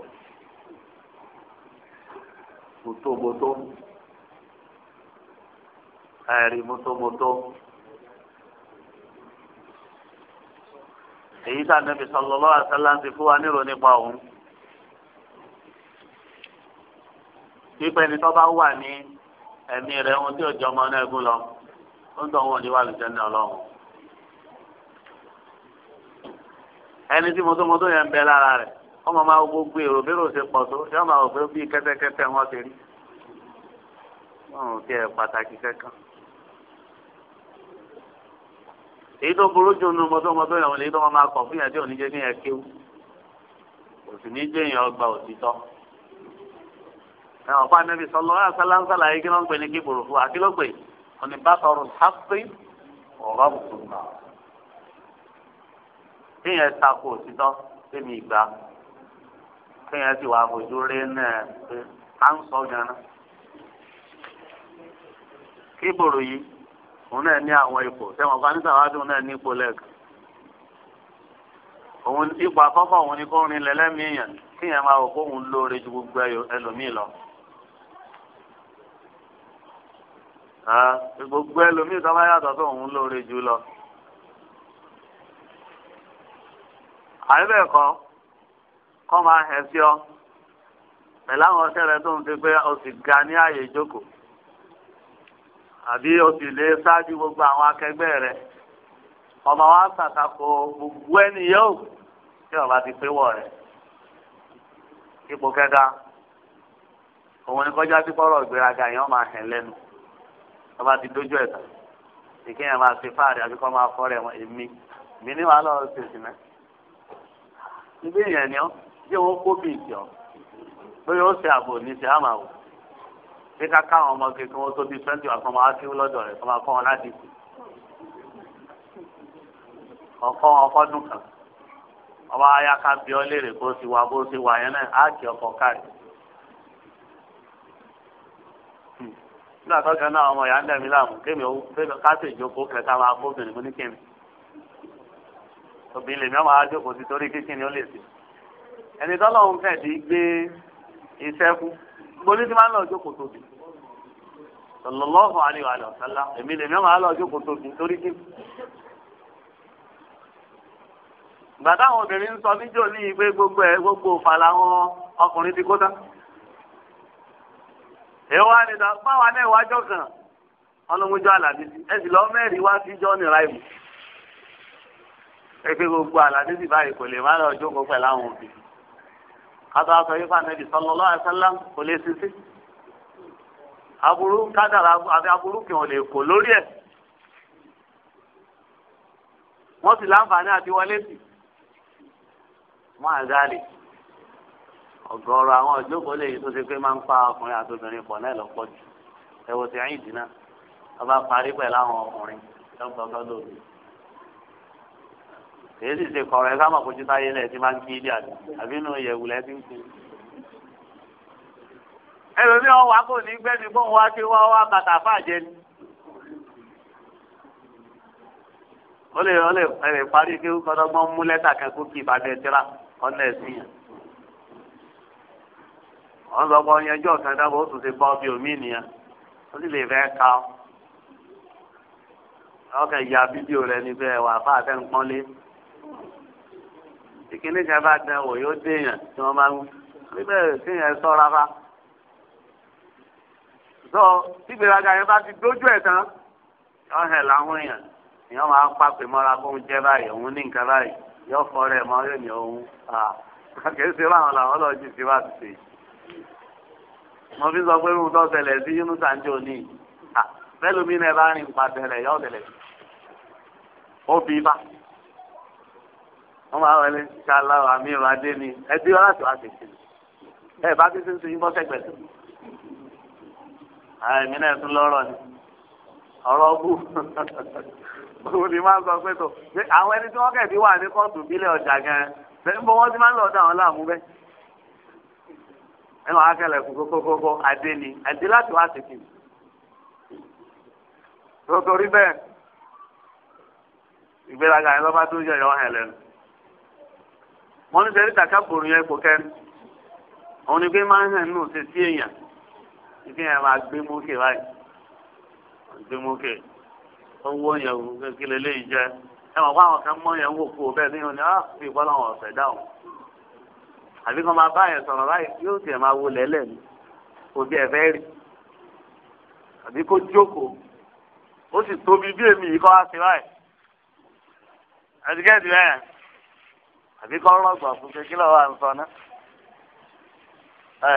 kò tó gbòtó ẹ̀rí mọ́tòmọ́tò. èyí tá nàbì sallallahu alaihi wasallam ti fún wa nírò nípa òun. pípẹ́ ni tó bá wà ní ẹ̀mí rẹ̀ ohun tí òjò ọmọ náà gún lọ ó ń dọ̀wọ́ ní wàlúùjẹ́ ní ọlọ́run. ẹni tí mọ́tòmọ́tò yẹn ń bẹ lára rẹ̀ ọmọ máa gbogbo èrò bí ròṣe pọ̀ tó yọ máa wò bí kẹ́tẹ́kẹ́tẹ́ wọn ti rí. wọn ò tiẹ̀ pàtàkì kankan. èyí tó burú jù nínú mọ́tòmọ́tò yẹn wọn lè tó wọn máa kọ̀ fún yẹn tí oníjẹ ní yẹn kéwú kò sì ní jẹ́ èèyàn ọgbà òtítọ́. ẹ̀wọ̀n pa nẹ́bí sọ lọ́wọ́ àṣàlánsàlà yìí kí ló ń pè ní kíkòrò fún wa kí ló pè òní bá sọ̀rọ̀ sáfì ọ̀rọ̀ bùtùmá. kéèyàn takò òtítọ́ sẹ́mi ìgbà kéèyàn sì wà fojú rí náà pé à ń sọ gan-an. kíkòrò yìí òun náà ní àwọn ipò sẹ́wọ̀n kan níta náà ní ipò lẹ́ẹ̀kan òun ipò àkọ́kọ́ òun ni kó rin lẹ́lẹ́mìí yẹn kí yẹn máa wò kó òun gbogbo ẹlòmíì lọ. Ah, gbogbo ẹlòmíì tó bá yàtọ̀ tó òun lóore jù lọ. àyẹ̀bẹ̀kọ́ kọ́ máa hẹ̀ sí o sì ga ní àbí o sì lè ṣáájú gbogbo àwọn akẹgbẹ́ rẹ ọmọ wa ṣàtakò gbogbo ẹni yóò tí ọba ti pé wọ rẹ ipò kẹta òun ni kọjá sí pọrọ ìgbéraga yẹn máa hàn lẹ́nu ọba ti dójú ẹ̀ta ìkéyàn máa ṣe fáàrí àbí kọ́ máa fọ́ọ̀rẹ́ wọn èmi mi ní wàá lọ ṣèṣì náà níbí ìyẹn ni ọ bí wọn kó bí ìjọ lórí ó ṣe àbò ní ṣe àmàwò pé ká káwọn ọmọ kékeré wọn tó di twenty one kan máa kí lọ́dọ̀ rẹ̀ kó máa kọ́ wọn láti kù ọkọ ọfọdún kan ọba ayaka bí ọ léèrè bó ti wà bó ti wà yẹn náà á kì ọkọ káàdì. Hmm. nígbà tó kẹ́ náà ọmọ ìyá ń dẹ̀mí láàmú kémi ó kásì ìjókòó kẹta máa bóbìnrin mú ní kémi. obìnrin lèmi ọmọ ajókòó ti torí kíkì ó lè sè. ẹni tọ́lọ́hún kẹ̀dí gbé iṣẹ́ kú gbólí ti máa ń lọ ọjọ́ kò tóbi sallallahu alaihi wa sallam èmi lè mẹ́wàá á lọ ọjọ́ kò tóbi torí kí. bàtà àwọn obìnrin ń sọ níjó ní ìgbé gbogbo ẹ gbogbo fàlà wọn ọkùnrin ti kó tán. èèwọ̀ àdìdà báwa náà wájọ́ kan ọlọ́mújọ́ àlàbí ẹ sì lọ mẹ́rin wá síjọ́ nìra ìmù. ẹ fi gbogbo àlàbí sì báyìí kò lè má lọ ọjọ́ kó pẹ̀lú àwọn obìnrin kátó aṣọ yìí fún anabi sallallahu alaihi wasallam kò lè sisi aburú kádàrà àti aburú kì í wọn lè kó lórí ẹ wọn sì láǹfààní àti wọlé sí wọn àgáàlì ọ̀gọ̀rọ̀ àwọn ìjókòó lẹ́yìn tó ṣe pé máa ń pa ọkùnrin àti obìnrin pọ̀ náà lọ́pọ̀ jù ẹ ti ẹ̀yìn dínà ọba parí pẹ̀lú àwọn ọkùnrin lọgbọgbọ lóbi èyí sì ṣe kọ̀ọ̀rọ̀ ẹ sáwọn àpòjútó ayé lẹ̀ ti máa ń kí ilé àti àbí inú ìyẹ̀wù lẹ́ ti ń ẹlòmíì wọn ní wá wá bàtà ni. ó lè ó lè ẹ parí kí kọ́dọ́gbọ́n mú lẹ́tà kan kó kí ìbàdàn tíra ọ̀nà ẹ̀sìn yẹn. wọ́n sọ pé ọyẹnjọ́ kan dábọ̀ ó tún ti bọ́ bí omi nìyẹn ó sì lè fẹ́ ka ọ́ ọkàn ìyá fídíò níbẹ̀ wà tí kinní kan bá dán wò yóò déèyàn tí wọ́n máa ń wí bẹ́ẹ̀ kéèyàn sọ́ra bá. sọ tí gbèrágà yẹn bá ti dójú ẹ̀ tán ọ̀hẹ̀ làwọn èèyàn èèyàn máa ń pàpè mọ́ra kó ń jẹ́ báyìí òun ní nǹkan báyìí yóò fọ́ rẹ̀ mọ́ yóò ní òun kìí ṣe báwọn làwọn lọ jí sí wá ti ṣe. mo fi sọ pé irun tó ṣẹlẹ̀ sí yunusa ń jò ní bẹ́ẹ̀ lómi náà bá rìn pa tẹ̀lẹ̀ yóò tẹ̀lẹ̀ ó bí bá. wọ́n máa wọlé ṣáàlá àmì ìrọ̀ adé ni ẹbí wọn láti wá sí ẹ bá títí ń sèyí bọ́sẹ̀ pẹ̀lú. àìmí náà tún lọ́rọ̀ ni ọ̀rọ̀ bù òun ni máa ń sọ pé tó àwọn ẹni tí wọ́n kẹ̀dí wà ní kóòtù bílẹ̀ ọjà gan-an bẹ́ẹ̀ bó wọ́n ti máa ń lọ ọ̀dọ̀ àwọn láàmú bẹ́ẹ̀. ẹ wàá kú kókókókó adé ni adé láti wá sí i. tó torí bẹ́ẹ̀ ìgbéraga yẹn lọ́ba tó yọ hàn lẹ́nu. wọ́n ní sẹ́rí tàkàbùrù yẹn kò kẹ́rin òun ni pé máa ń hàn nù ṣe sí èèyàn ìdí yẹn máa gbé mókè báyìí gbé mókè owó yẹn wò kékeré lè jẹ ẹ mọ̀ pé àwọn kan mọ̀ yẹn wò kú o bẹ́ẹ̀ níyàn ni á fi ah, ìbọn àwọn ọ̀sẹ̀ dáhùn àbí kan máa bá yẹn sọ̀rọ̀ báyìí yóò tiẹ̀ máa wo lẹ́lẹ̀ ni kò bí ẹ fẹ́ rí àbí kó jókòó ó sì tóbi bí èmi yìí kọ́ wá sí báyìí àti kẹ́ẹ̀dì bẹ́ẹ̀. àbí kọ́ rọ̀gbọ̀ fún kí lọ́wọ́ à ń sọ náà.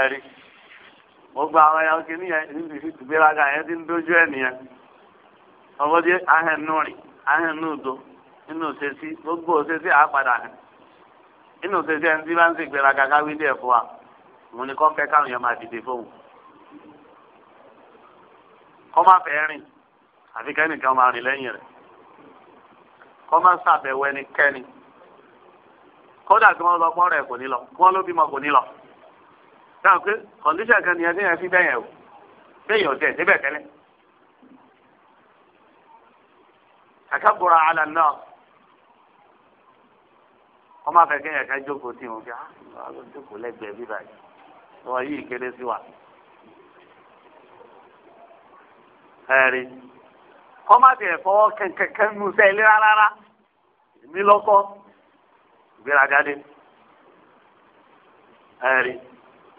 ẹ̀rí mo gba àwọn ẹyà òkè níyẹn níbi ìgbéraga yẹn ti ń dójú ẹ̀ nìyẹn. ọmọdé ahẹ́nú rìn ahẹ́nú do inú ṣesí gbogbo ṣesí àápadà hàn inú ṣesí ẹni tí bá ń ṣègbéraga káwé díẹ̀ fún wa mo ní kọ́ fẹ́ káwọn yẹn máa dìde fóun kọ́ máa fẹ́ rìn àfi máa rìn lẹ́yìn rẹ̀ kọ́ máa ṣàbẹ̀wò ẹnikẹ́ni. kódà kí wọ́n lọ pọ́n rẹ̀ kò ní lọ kí wọ́n ló bímọ kò ní lọ. dáhùn pé kan yẹn fi o bẹ́yẹn ò tẹ̀ síbẹ̀ tẹ́lẹ̀. àkàkùrọ̀ àlà náà wọ́n máa fẹ́ kéèyàn ká jókòó tí ah, wọ́n fi á lọ jókòó bíbá yìí yí wa. kẹ̀kẹ́ rárá lọ́kọ́. ìgbéraga dé ẹ̀rí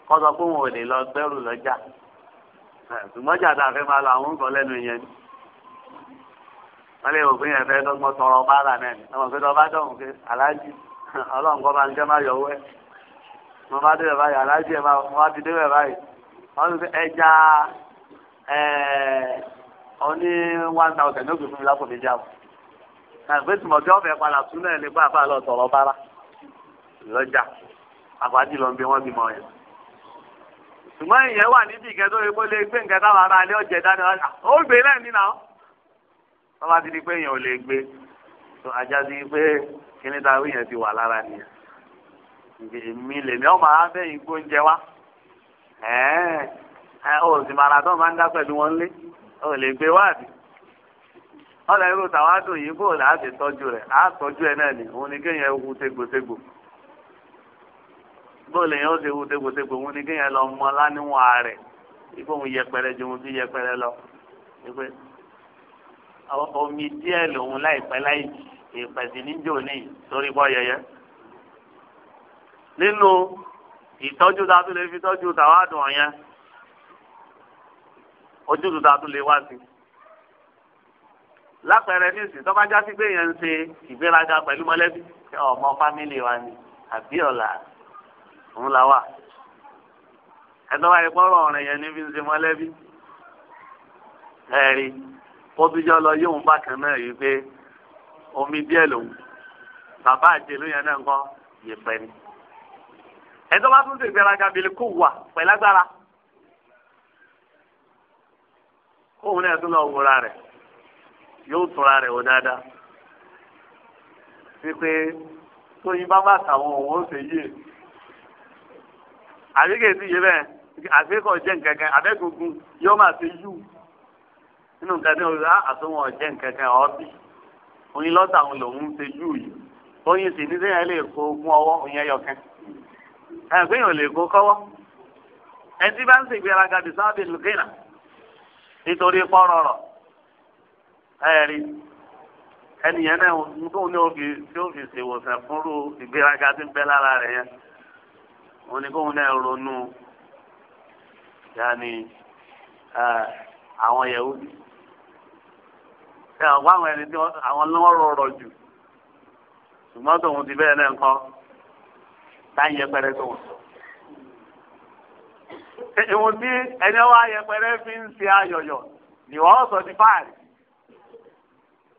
kọ́ pé wọn ò lè lọ gbẹ́rù lọ́jà ṣùgbọ́n jàdá fẹ́ máa lọ àwọn nǹkan lẹ́nu yẹn ni wọ́n lè wò pé yẹn fẹ́ dọ́gbọ́n tọrọ bára náà ni àwọn òfin ọba dọ̀hún pé aláàjì ọlọ́run kọ́ bá ń jẹ́ má yọ ẹ̀ mo bá dé báyìí aláàjì ẹ̀ máa wọ́n ti dé báyìí wọ́n ti ẹja oní one thousand ó gbé fún mi lápò méjì àbọ̀. àgbẹ̀tùmọ̀ bí ọ̀fẹ́ padà tún náà lè gbà lọ tọrọ bára lọ́jà àpájì lọ ń bí wọ́n bímọ yẹn. ṣùgbọ́n ìyẹn wà níbi ìkẹ́ tó epo lè gbé nǹkan táwọn ará alẹ́ ọ̀jẹ̀ dání ọ̀jà ó gbé lẹ́ẹ̀ni náà. bàbá ti di pé èèyàn ò lè gbé tó ajá sí pé kíní ta wí yẹn ti wà lára nìyẹn. èmi lèmi ọmọ abẹ́yìn gbóúnjẹ wa ó sì máa ra tó máa ń dá pẹ̀lú wọn lé ó lè gbé wáàdì ọ̀la irú tàwa dùn yìí bò láti tọ́jú rẹ̀ á tọ́jú ẹ náà ni òun ni kéèyàn hu tégbòtégbò bóòlù yẹn ó ṣe wù tegbòtegbò wọn ni kéèyàn lọ mọ láníwọ̀n rẹ̀ ipò òun yẹpẹrẹ ju òun ti yẹpẹrẹ lọ wípé omi díẹ̀ lòun láìpẹ́ láì ìpẹ̀sì níjò ní torí bọ́ yẹyẹ. nínú ìtọ́jú tá a tún lè fi tọ́jú tàwa dùn ọ̀yẹn ojútùú tá a tún lè wá sí i lápẹẹrẹ ní ìsìn tó bá já sí pé yẹn ń ṣe ìgbéraga pẹ̀lú mọ́lẹ́bí ọmọ fámìlì wa ni àbí ọ̀la òun là wà ẹtọ́ wa ìpọ́rọ̀ ọ̀rìn yẹn níbi ń mọ́lẹ́bí ẹ̀rí ó lọ yóò ń bákan náà yìí pé omi díẹ̀ lòun bàbá yẹn náà ni ẹtọ́ wa tún àbí kì í sì yé bẹ́ẹ̀ àfi kò jẹ́ nkankan abẹ́gungun yóò máa fi yú nínú nǹkan tí wọ́n fi ah, àtúnwọ̀n jẹ́ nkankan ọ̀bì oyin lọ́tà òun lòun ti yú yìí oyin sì ní sẹ́yìn lè kó ogún ọwọ́ oyin ẹyọ kan ẹ̀ pé èèyàn lè kó kọ́wọ́ ẹ ti bá ń sègbè araga bisáàbì lùkìnà nítorí pọ́rọ̀rọ̀ ẹ̀rí ẹnìyẹn náà tó ní òfin tí ó fi ṣèwòsàn fúnrú ìgbéraga tí ń bẹ lára rẹ̀ yẹn òun ni kóun náà ronú yanni àwọn yahudi ẹ ọ̀pọ̀ àwọn ẹni tí àwọn lọ́wọ́ rọrọ̀ jù ṣùgbọ́n tòun ti bẹ́ẹ̀ náà ń kọ́ táyẹ̀ pẹ́rẹ́ tòun sọ ìwọ̀n tí ẹni ọwọ́ ayẹpẹrẹ fi ń ṣe ayọ̀yọ̀ ni wọ́n sọ ti fáàrí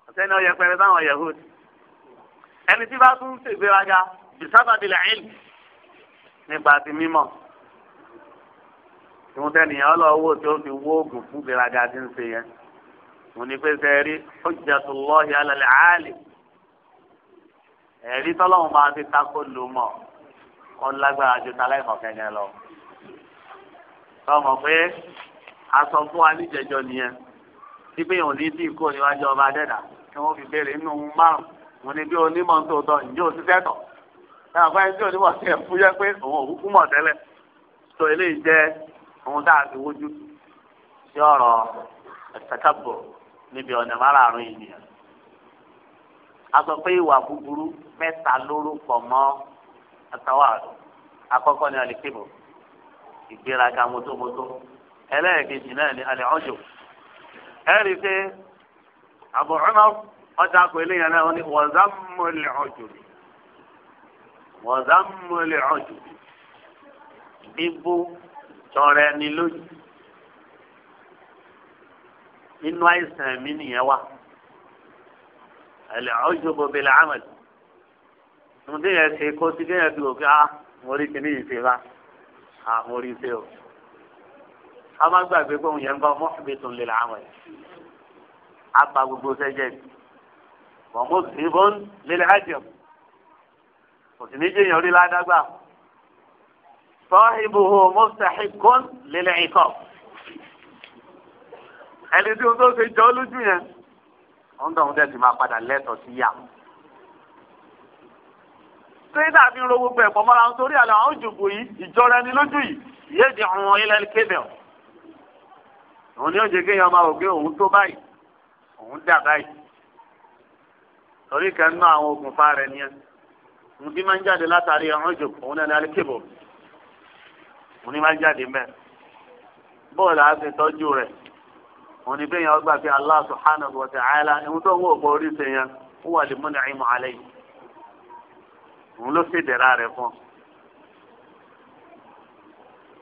ọ̀sẹ́ni ọyẹpẹrẹ táwọn yahudi ẹni tí bá tún ṣègbéraga bisábàbí làyìn nípa ti mímọ̀ tí mo tẹnìyàn ọlọ́wọ́ tí ó fi wó oògùn fún gbèrágà tí ń ṣe yẹn mo ní pé sẹ́ẹ̀rí hujjatullahi ala al-alim ẹ̀rí tọ́lọ́hún máa fi tako lò mọ̀ kọ́ lágbára ju taláìmọ̀kẹ́ yẹn lọ. sọmọ pé aṣọ fún wa níjẹjọ nìyẹn tí pé òní tí kò níwájú ọba dẹ́dà kí wọ́n fi béèrè nínú márùn-ún mo ní bí onímọ̀ ń tó tọ́ ǹjẹ́ òṣìṣẹ́ àwọn ẹni tí onímọ̀ sí ẹ̀fú yẹ pé òun òun kú mọ̀ tẹ́lẹ̀ tó eléyìí jẹ́ ohun tá a fi wójú sí ọ̀rọ̀ ẹ̀sẹ̀kẹ́bọ̀ níbi ọ̀nà márààrún ènìyàn. a sọ pé ìwà búburú mẹ́ta lórúkọ mọ́ àtàwọn àrùn àkọ́kọ́ ni ìgbéraga mọ́tòmọ́tò ẹlẹ́ẹ̀kejì náà ni alẹ́ ọ̀jọ̀ ẹ̀rí pé àbọ̀ ọ̀nà ọjà kò eléyàn náà wọ́n ní wọ́n zá mọ́lẹ̀ rẹ̀ wọ̀zámúlẹ̀ ọ̀jù bíbú tọrẹ ni lójú inú àìsàn ẹ̀mí nìyẹn wà ẹ̀lẹ́ ọ̀jù bòbí làámẹ̀lì nùdí yẹn ṣe kó sí kéèyàn ti wò pé ah, mo rí kíní yìí ṣe bá ah, mo rí ṣe o a máa gbàgbé pé òun yẹn ń bá mọ́sibí tó ń lè làámẹ̀lì a pa gbogbo sẹ́jẹ̀ wọ́n mọ́sibí bọ́n lè kò sì ní jẹ́ èèyàn rí ládágbà sọ́hìbùhù mustahiqqun lil iqab ẹni tí o tó ṣe jọ lójú yẹn ó ń dọ̀hún dẹ́sì máa padà lẹ́tọ̀ọ́ sí yà. ṣé dàbí ro gbogbo ẹ̀pọ̀ mọ́ra ń torí àlọ́ àwọn òjòkó yìí ìjọra ẹni lójú yìí yé di ọ̀hún ilẹ̀ kébẹ̀ ọ̀. òun ni ó kéèyàn máa wò pé òun tó báyìí òun dà báyìí. torí kẹ́ńtà àwọn okùnfà rẹ̀ nìyẹn. nbí máa ń jáde látàrí ọ̀rọ̀ jù òun náà ní alikébò òun ní máa ń jáde mẹ́ bọ́ọ̀lù àti tọ́jú rẹ̀ òun ọgbà pé Allah wa ta'ala ìhun tó ń wò pọ̀ orí ṣe yẹn ó wà lè múnà ìmọ̀ alẹ́ yìí òun ló sì dẹ̀ra rẹ̀ fún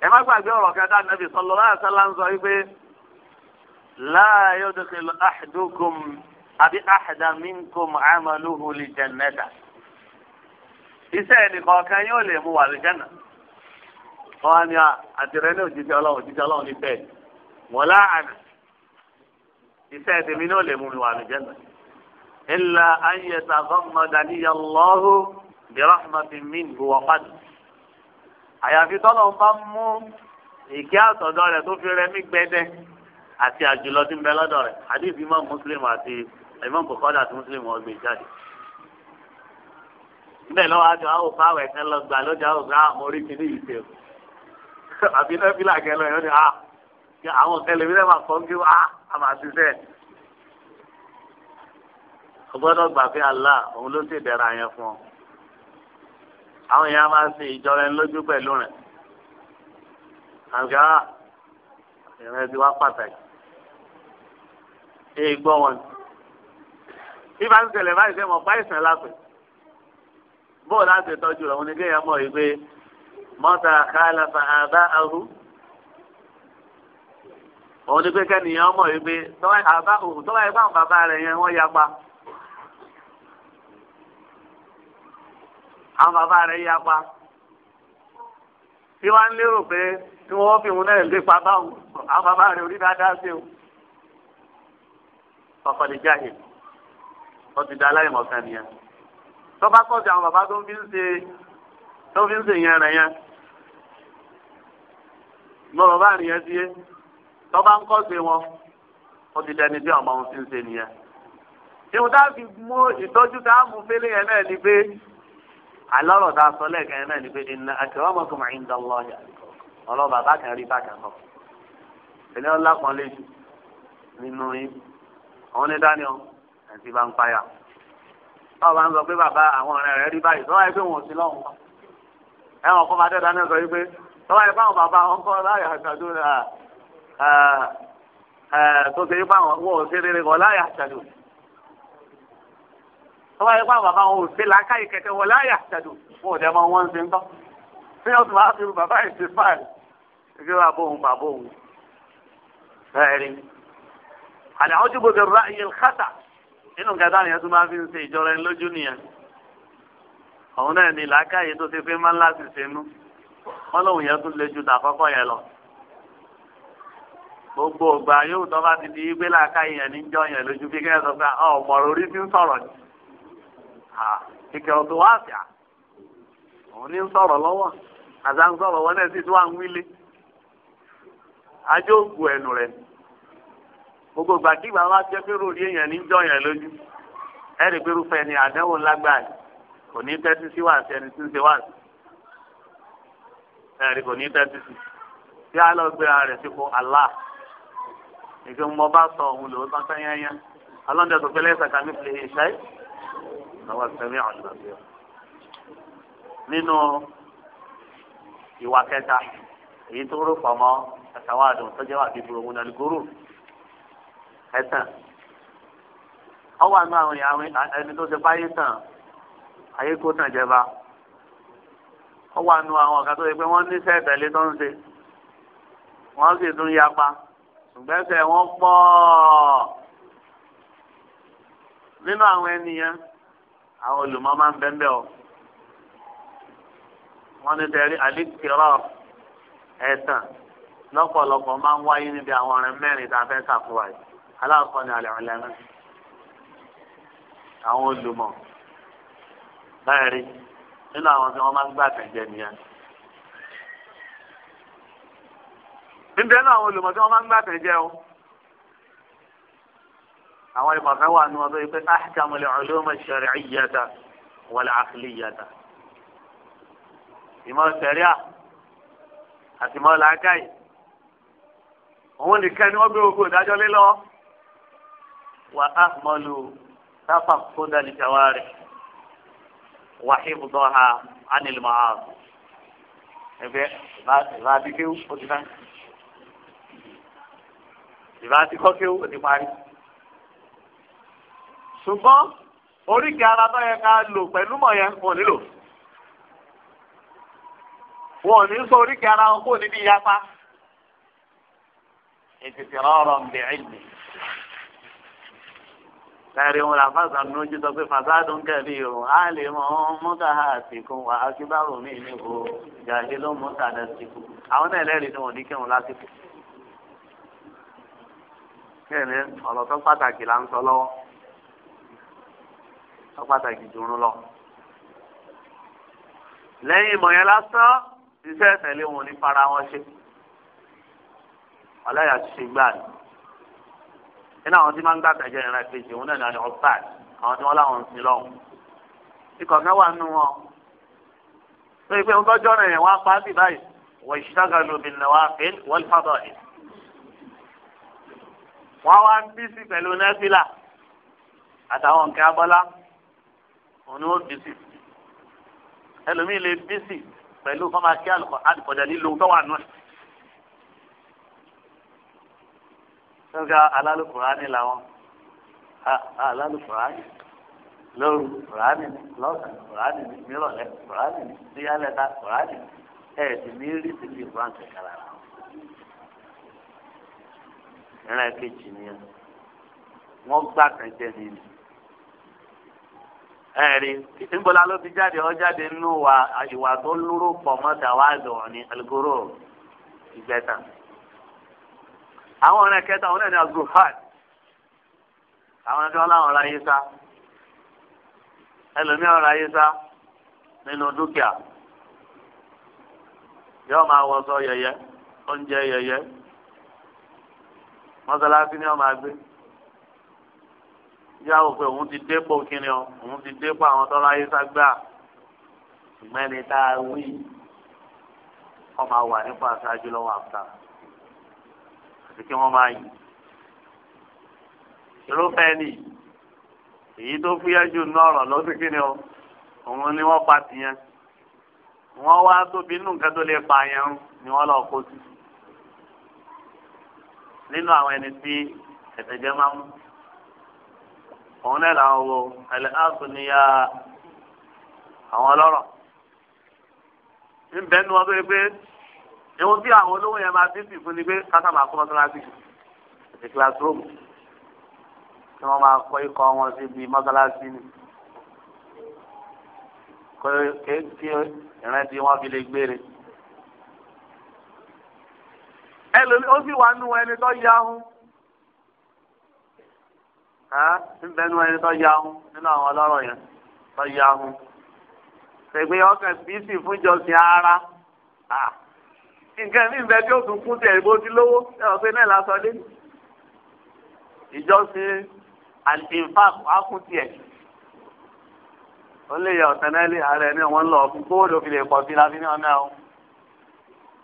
ẹ má gbàgbé ọ̀rọ̀ kẹta nàbì sallallahu alaihi wasallam ń sọ àbí iṣẹ́ ẹnìkan kan yóò lè mú wà lùjánà wọn á ní àtìrẹ́ ní òjijì ọlọ́run òjijì ọlọ́run ní bẹ́ẹ̀ wọ́n láàánà iṣẹ́ ẹ̀dẹ̀mí ní ó lè mú mi wà lùjánà ilà ayẹta gọ́mọdà níyà lọ́hù bírọ́hùmọ́tì mín buwọ́ pàdé àyàfi tọ́lọ̀ ń bá mú ìkẹ́ àtọ̀dọ́ rẹ̀ tó fi rẹ mí gbẹ́dẹ́ àti àjùlọ tí ń bẹ lọ́dọ̀ rẹ̀ àdìsí imam muslim àti imam bukoda àti muslim wọn gbé jáde níbẹ̀ lọ́wọ́ àti àwọn òfin àwẹ̀ kan lọ gbà lọ́jà òfin ah, àwọn orí kìíní yìí ṣe o àbí náà fílà kẹ lọ yọ̀ọ́ ni a ah, àwọn kẹlẹ̀ mi náà máa fọ́n kí a ah, a máa ṣiṣẹ́ o gbọ́dọ̀ gbà pé Allah òun ló ṣe dẹ̀ra yẹn fún ọ àwọn èèyàn máa ṣe ìjọra ẹni lójú pẹ̀lú rẹ̀ àgbà ìrìn ẹbí wa pàtàkì èè gbọ́ wọn bí bá ń ṣẹlẹ̀ báyìí fẹ́ mọ̀ bóò láti tọ́jú rẹ̀ wọn ni kéèyàn mọ̀ wípé mọ́tà kálàfà àbá ahu òun ni pé kẹ́nìyàn mọ̀ wípé àbá òhù tọ́wọ́ ẹgbẹ́ àwọn bàbá rẹ̀ yẹn wọ́n yapa. àwọn bàbá rẹ̀ yapa tí wọ́n ń lérò pé tí wọ́n fi òun náà lépa báwọn àwọn bàbá rẹ̀ orí dáadáa sí o. ọkọ̀ lè jáde wọ́n ti da aláìmọ̀kan nìyẹn tọ́ba kọ́ọ̀tì àwọn bàbá tó ń fi ń ṣe tó fi ń ṣe yẹn rẹ̀ yẹn lọ́rọ̀ bá rìn yẹn sí yé tọ́ba ń kọ́ọ̀tì wọn ó ti dẹni bí ọmọ òun ti ń ṣe nìyẹn. ìwọ̀n tá fi mú ìtọ́jú tá a mú fẹ́lẹ́ yẹn náà ni pé alọ́rọ̀ tá a sọ lẹ́ẹ̀kan yẹn náà ni pé inna akramakum inda Allah ọlọ́ba bá kan rí bákan kọ́ ẹni ọlá lè jù nínú yín àwọn onídàáni ọ àti bá ń payà ọba ń sọ pé bàbá àwọn ọ̀rẹ́ rẹ̀ rí báyìí tọ́wá yìí pé wọn sí lọ́hùn kan kọ́ máa dẹ́ta náà sọ wípé tọ́wá yìí fáwọn bàbá wọn kọ́ láyà àṣàdù tó ṣe fáwọn wọn ò sí rere kọ́ láyà àṣàdù tọ́wá yìí fáwọn bàbá wọn ò sí làákàyè kẹ̀kẹ́ wọ láyà àṣàdù wọn ò dẹ́ mọ wọn ṣe ń tọ́ tí wọ́n ti fi bàbá yìí ṣe fáìlì ìgbé bóun bàbá òun bẹ́ẹ̀ ni àdàwọn jùgbọ́ inu nǹkan táwọn yẹn tún máa fi ń ṣe ìjọra ẹni lójú nìyẹn òun náà ní làákàyè tó ti fi máa ń láti ṣẹnu wọn lòun yẹn tún ju tàkọ́kọ́ yẹn lọ gbogbo ògbà yóò tọ́ bá ti di pé làákàyè yẹn níjọ yẹn lójú bí kẹ́hìn sọ pé ọ orí ti ń sọ̀rọ̀ ni ìkẹ̀wò tó wá sí òun ní ń sọ̀rọ̀ lọ́wọ́ àti à ń sọ̀rọ̀ wọn náà sì tún wà ń wílé ajó ẹnu gbogbo ìgbà tí ìgbà wa jẹ́ pé rúurí èèyàn ní jọ yẹn lójú ẹ̀rì pé rúfẹ́ ni àdánwò lágbàá kò ní tẹ́tí sí wàásù ẹni tí ń ṣe wàásù ẹ̀rí kò ní tẹ́tí sí tí a lọ gbé ara rẹ̀ sí fún Allah ìfẹ́ mo bá sọ òun lòó tán tán yẹn yẹn alọ́ndẹ̀ tó gbẹlẹ́ ìsàkà mi fi lè ṣe é lọ́wọ́ sẹ́mi ọ̀nà bí ọ. nínú ìwà kẹta èyí tó rò pọ̀ mọ́ ẹ̀sàwádùn tó jẹ́ wà bíbu òun nàlùkúrò ẹ̀tàn ọwọ́ àánú àwọn ẹni tó ṣe tàn ayé kó tàn jẹba àwọn ọ̀gá tó ṣe pé wọ́n níṣẹ́ ìtẹ̀lé tó ń ṣe wọ́n sì tún yapa ṣùgbọ́n wọ́n pọ̀ nínú àwọn ènìyàn àwọn olùmọ̀ máa ń bẹ́ńbẹ́ o wọ́n ní tẹ̀lé àlìkìrọ̀ ẹ̀tàn lọ́pọ̀lọpọ̀ máa ń wáyé níbi àwọn ọ̀rẹ́ mẹ́rin tá a aláàkọ́ ni àlẹ́ ọ̀lẹ́mẹ́ àwọn olùmọ̀ báyìí rí nínú àwọn tí wọ́n máa ń gbà tẹ̀jẹ̀ nìyẹn. níbi ẹnu àwọn olùmọ̀ tí wọ́n máa ń gbà tẹ̀jẹ̀ o àwọn ìmọ̀ kan wà ní wọn tó yẹ pé ahkamu al-ulum al-shar'iyyata ìmọ̀ sẹ̀ríà àti ìmọ̀ làákàyè òun nìkan ni wọ́n gbé gbogbo ìdájọ́ lé lọ́wọ́. وأهمل تفقد الجوارح وحفظها عن المعاصي ìbáàdì kéwù ó ti náà ìbáàdì kọ́ kéwù ó ti parí. ṣùgbọ́n oríkèé ara tó yẹ ká lò pẹ̀lú mọ̀ yẹn wọ́n nílò. wọn ní sọ oríkèé ara wọn kó níbi ìyapa. ètùtù rọrùn bẹ̀rẹ̀ nìyí kẹrin wọn làfà sàmúlójú sọ pé fasádùn kẹbi o àlè mọ mọta ha àsìkò wà akíbárò mi ní o jàdé ló mọta dà síkò àwọn náà ẹlẹ́rìí ni wọ́n ní kírun lásìkò. kẹ́ni ọ̀rọ̀ tó pàtàkì là ń sọ lọ́wọ́ tó pàtàkì dùnrún lọ. lẹ́yìn ìmọ̀ yẹn lásán iṣẹ́ ìtẹ̀lé wọn ní fara wọn ṣe. ọlọ́yà ti ṣe gbáà ni nínú àwọn tí máa ń gbà tẹ̀jọ ìran kejì òun náà ní ọ̀fàd àwọn tí wọ́n láwọn ń sin lọ́hùn. ikọ̀ kan wà nínú wọn tó yẹ pé ń tọ́jọ́ rẹ̀ wọ́n á pa á bì báyìí wọ́n ìṣìṣàgà lóbi nà wá fẹ́ wọ́n fàdọ̀ ẹ̀. wọ́n wá ń bí sí pẹ̀lú nẹ́fìlà àtàwọn nǹkan abọ́lá òun ni bí sí. ẹlòmíì lè bí sí pẹ̀lú fọ́nmà kí àdìpọ̀jà nílò tó wà nù ẹ̀. sọ́gá alálùkùránì alalu alálùkùránì lóru kùránì ni lọ́sàn kùránì ni mírọ̀lẹ́ kùránì ni níyálẹ́ta kùránì ni ẹ̀ sì ní rí sí ní ìbọn àtẹ̀kára làwọn. ìrìn kejì nìyẹn wọ́n gbà kẹjẹ nìyẹn ẹ̀rí níbola ló fi jáde ọ jáde nínú ìwà tó lúrò pọ̀ mọ́ta ní alugoro ìgbẹ́ta. àwọn ọ̀rẹ́ kẹta àwọn ẹ̀dá zuhad àwọn ẹ̀dá ọ̀là ọ̀rẹ́ ayé sá ẹlòmí ọ̀rẹ́ ayé sá nínú dúkìá yóò máa wọṣọ yẹyẹ oúnjẹ yẹyẹ mọ́sálásí ni wọ́n máa gbé yàwó pé òun ti dépò kíni o òun ti dépò àwọn tọ́lá ayé sá gbà ṣùgbọ́n tá a wí ọ máa wà nípa aṣáájú lọ́wọ́ àbúrò àti kí wọ́n máa yìn. irúfẹ́ ni èyí tó fúyẹ́ jù ní ọ̀rọ̀ lọ́sí kí ni o òun ni wọ́n pa tìyẹn wọ́n wá tóbi inú nǹkan tó lè pa yẹn ni wọ́n lọ kó sí nínú àwọn ẹni tí ẹ̀tẹ̀jẹ́ máa mú òun náà làwọn wo ẹ̀lẹ́ áàtò níyà àwọn ọlọ́rọ̀ ń bẹ́ẹ̀ ni wọ́n tó pé ìwọ tí àwọn olówó yẹn máa bí fìfún ni pé kátà máa kọ́ mọ́sálásí ní classroom tí wọ́n máa kọ́ ikọ̀ wọn síbi mọ́sálásí ni kí ìrántí wọn fi lè gbére. ẹlòmí ó sì wà nù ẹni tó yá ń nbẹ nù ẹni tó yá ń nínú àwọn ọlọ́rọ̀ yẹn tó yá ń ṣègbè ọkàn bísí fún jọsìn ara. Ah nǹkan ní ìbẹ́ tí ó tún kún tiẹ̀ bó ti lówó ẹ wọ́n pé náà lásán dé ìjọsìn àlìfàk á kún tiẹ̀ ó lè yẹ ọ̀sán náà lé ara ẹni wọn lọ fún kó ló fi lè pọ̀ sí láti ní ọ̀nà o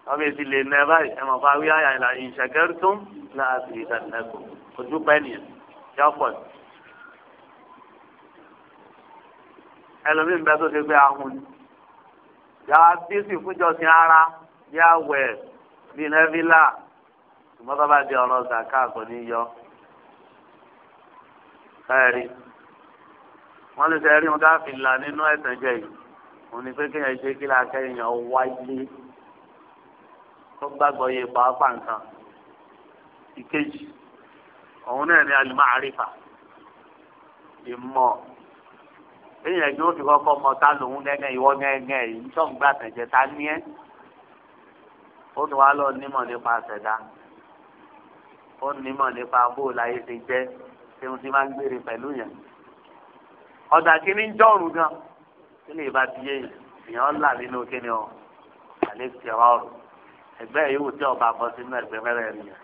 wọ́n fi ti lè nẹ báyìí ẹ̀ mọ̀ fún awí àyà ìlà ìṣẹ̀kẹ́rù tó ń láti ìdánilẹ́kọ̀ọ́ ojú pẹ́ nìyẹn yọ pọ̀ sí. ẹlòmíín bẹ́ẹ̀ tó ṣe pé ahun ni yàrá bí sì bí awẹ bí nẹ́fílà ṣùgbọ́n bàbá di ọ̀rọ̀ zaka kò ní yọ. ẹ̀rí wọ́n lè sẹ́rí wọn káfí là nínú ẹ̀sẹ̀ jẹ́ yìí òun ni pé kéèyàn ṣe kí la kẹ́yìn wáyé tó gbàgbọ́ yẹ pàápàá nǹkan. ìkejì òun náà ni al-ma'rifa ìmọ̀ èèyàn yóò fi kọ́kọ́ mọ ta lòun gẹ́gẹ́ ìwọ gẹ́gẹ́ yìí tó ń gbà tẹ̀jẹ̀ ta ní ẹ́ ó tún wá lọ nímọ̀ nípa ṣẹ̀dá ó nímọ̀ nípa bó o láyé ṣe jẹ́ ṣé ohun tí máa ń gbére pẹ̀lú yẹn ọ̀dà kìíní ń jọ̀rùn gan kí lè bá ti yé èèyàn là nínú kíni ọ àlẹ́ ti ọrùn ẹgbẹ́ yòówù tí ọba bọ́ sínú ẹgbẹ́ mẹ́rẹ̀ rí yẹn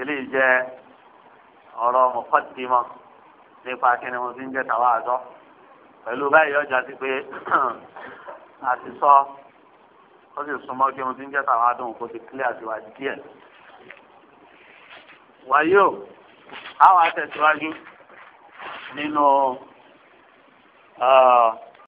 èlé jẹ́ ọ̀rọ̀ mọ̀kọ́tìmọ̀ nípa kíni mo fi ń jẹ́ tàwa àtọ́ pẹ̀lú báyìí ọjà ti pé àti sọ ó sì súnmọ́ kí ohun tí ń jẹ́ tàwọn adùn kó ti kílẹ̀ àtiwá díẹ̀. wàyí àwọn àtẹ̀síwájú nínú. Uh,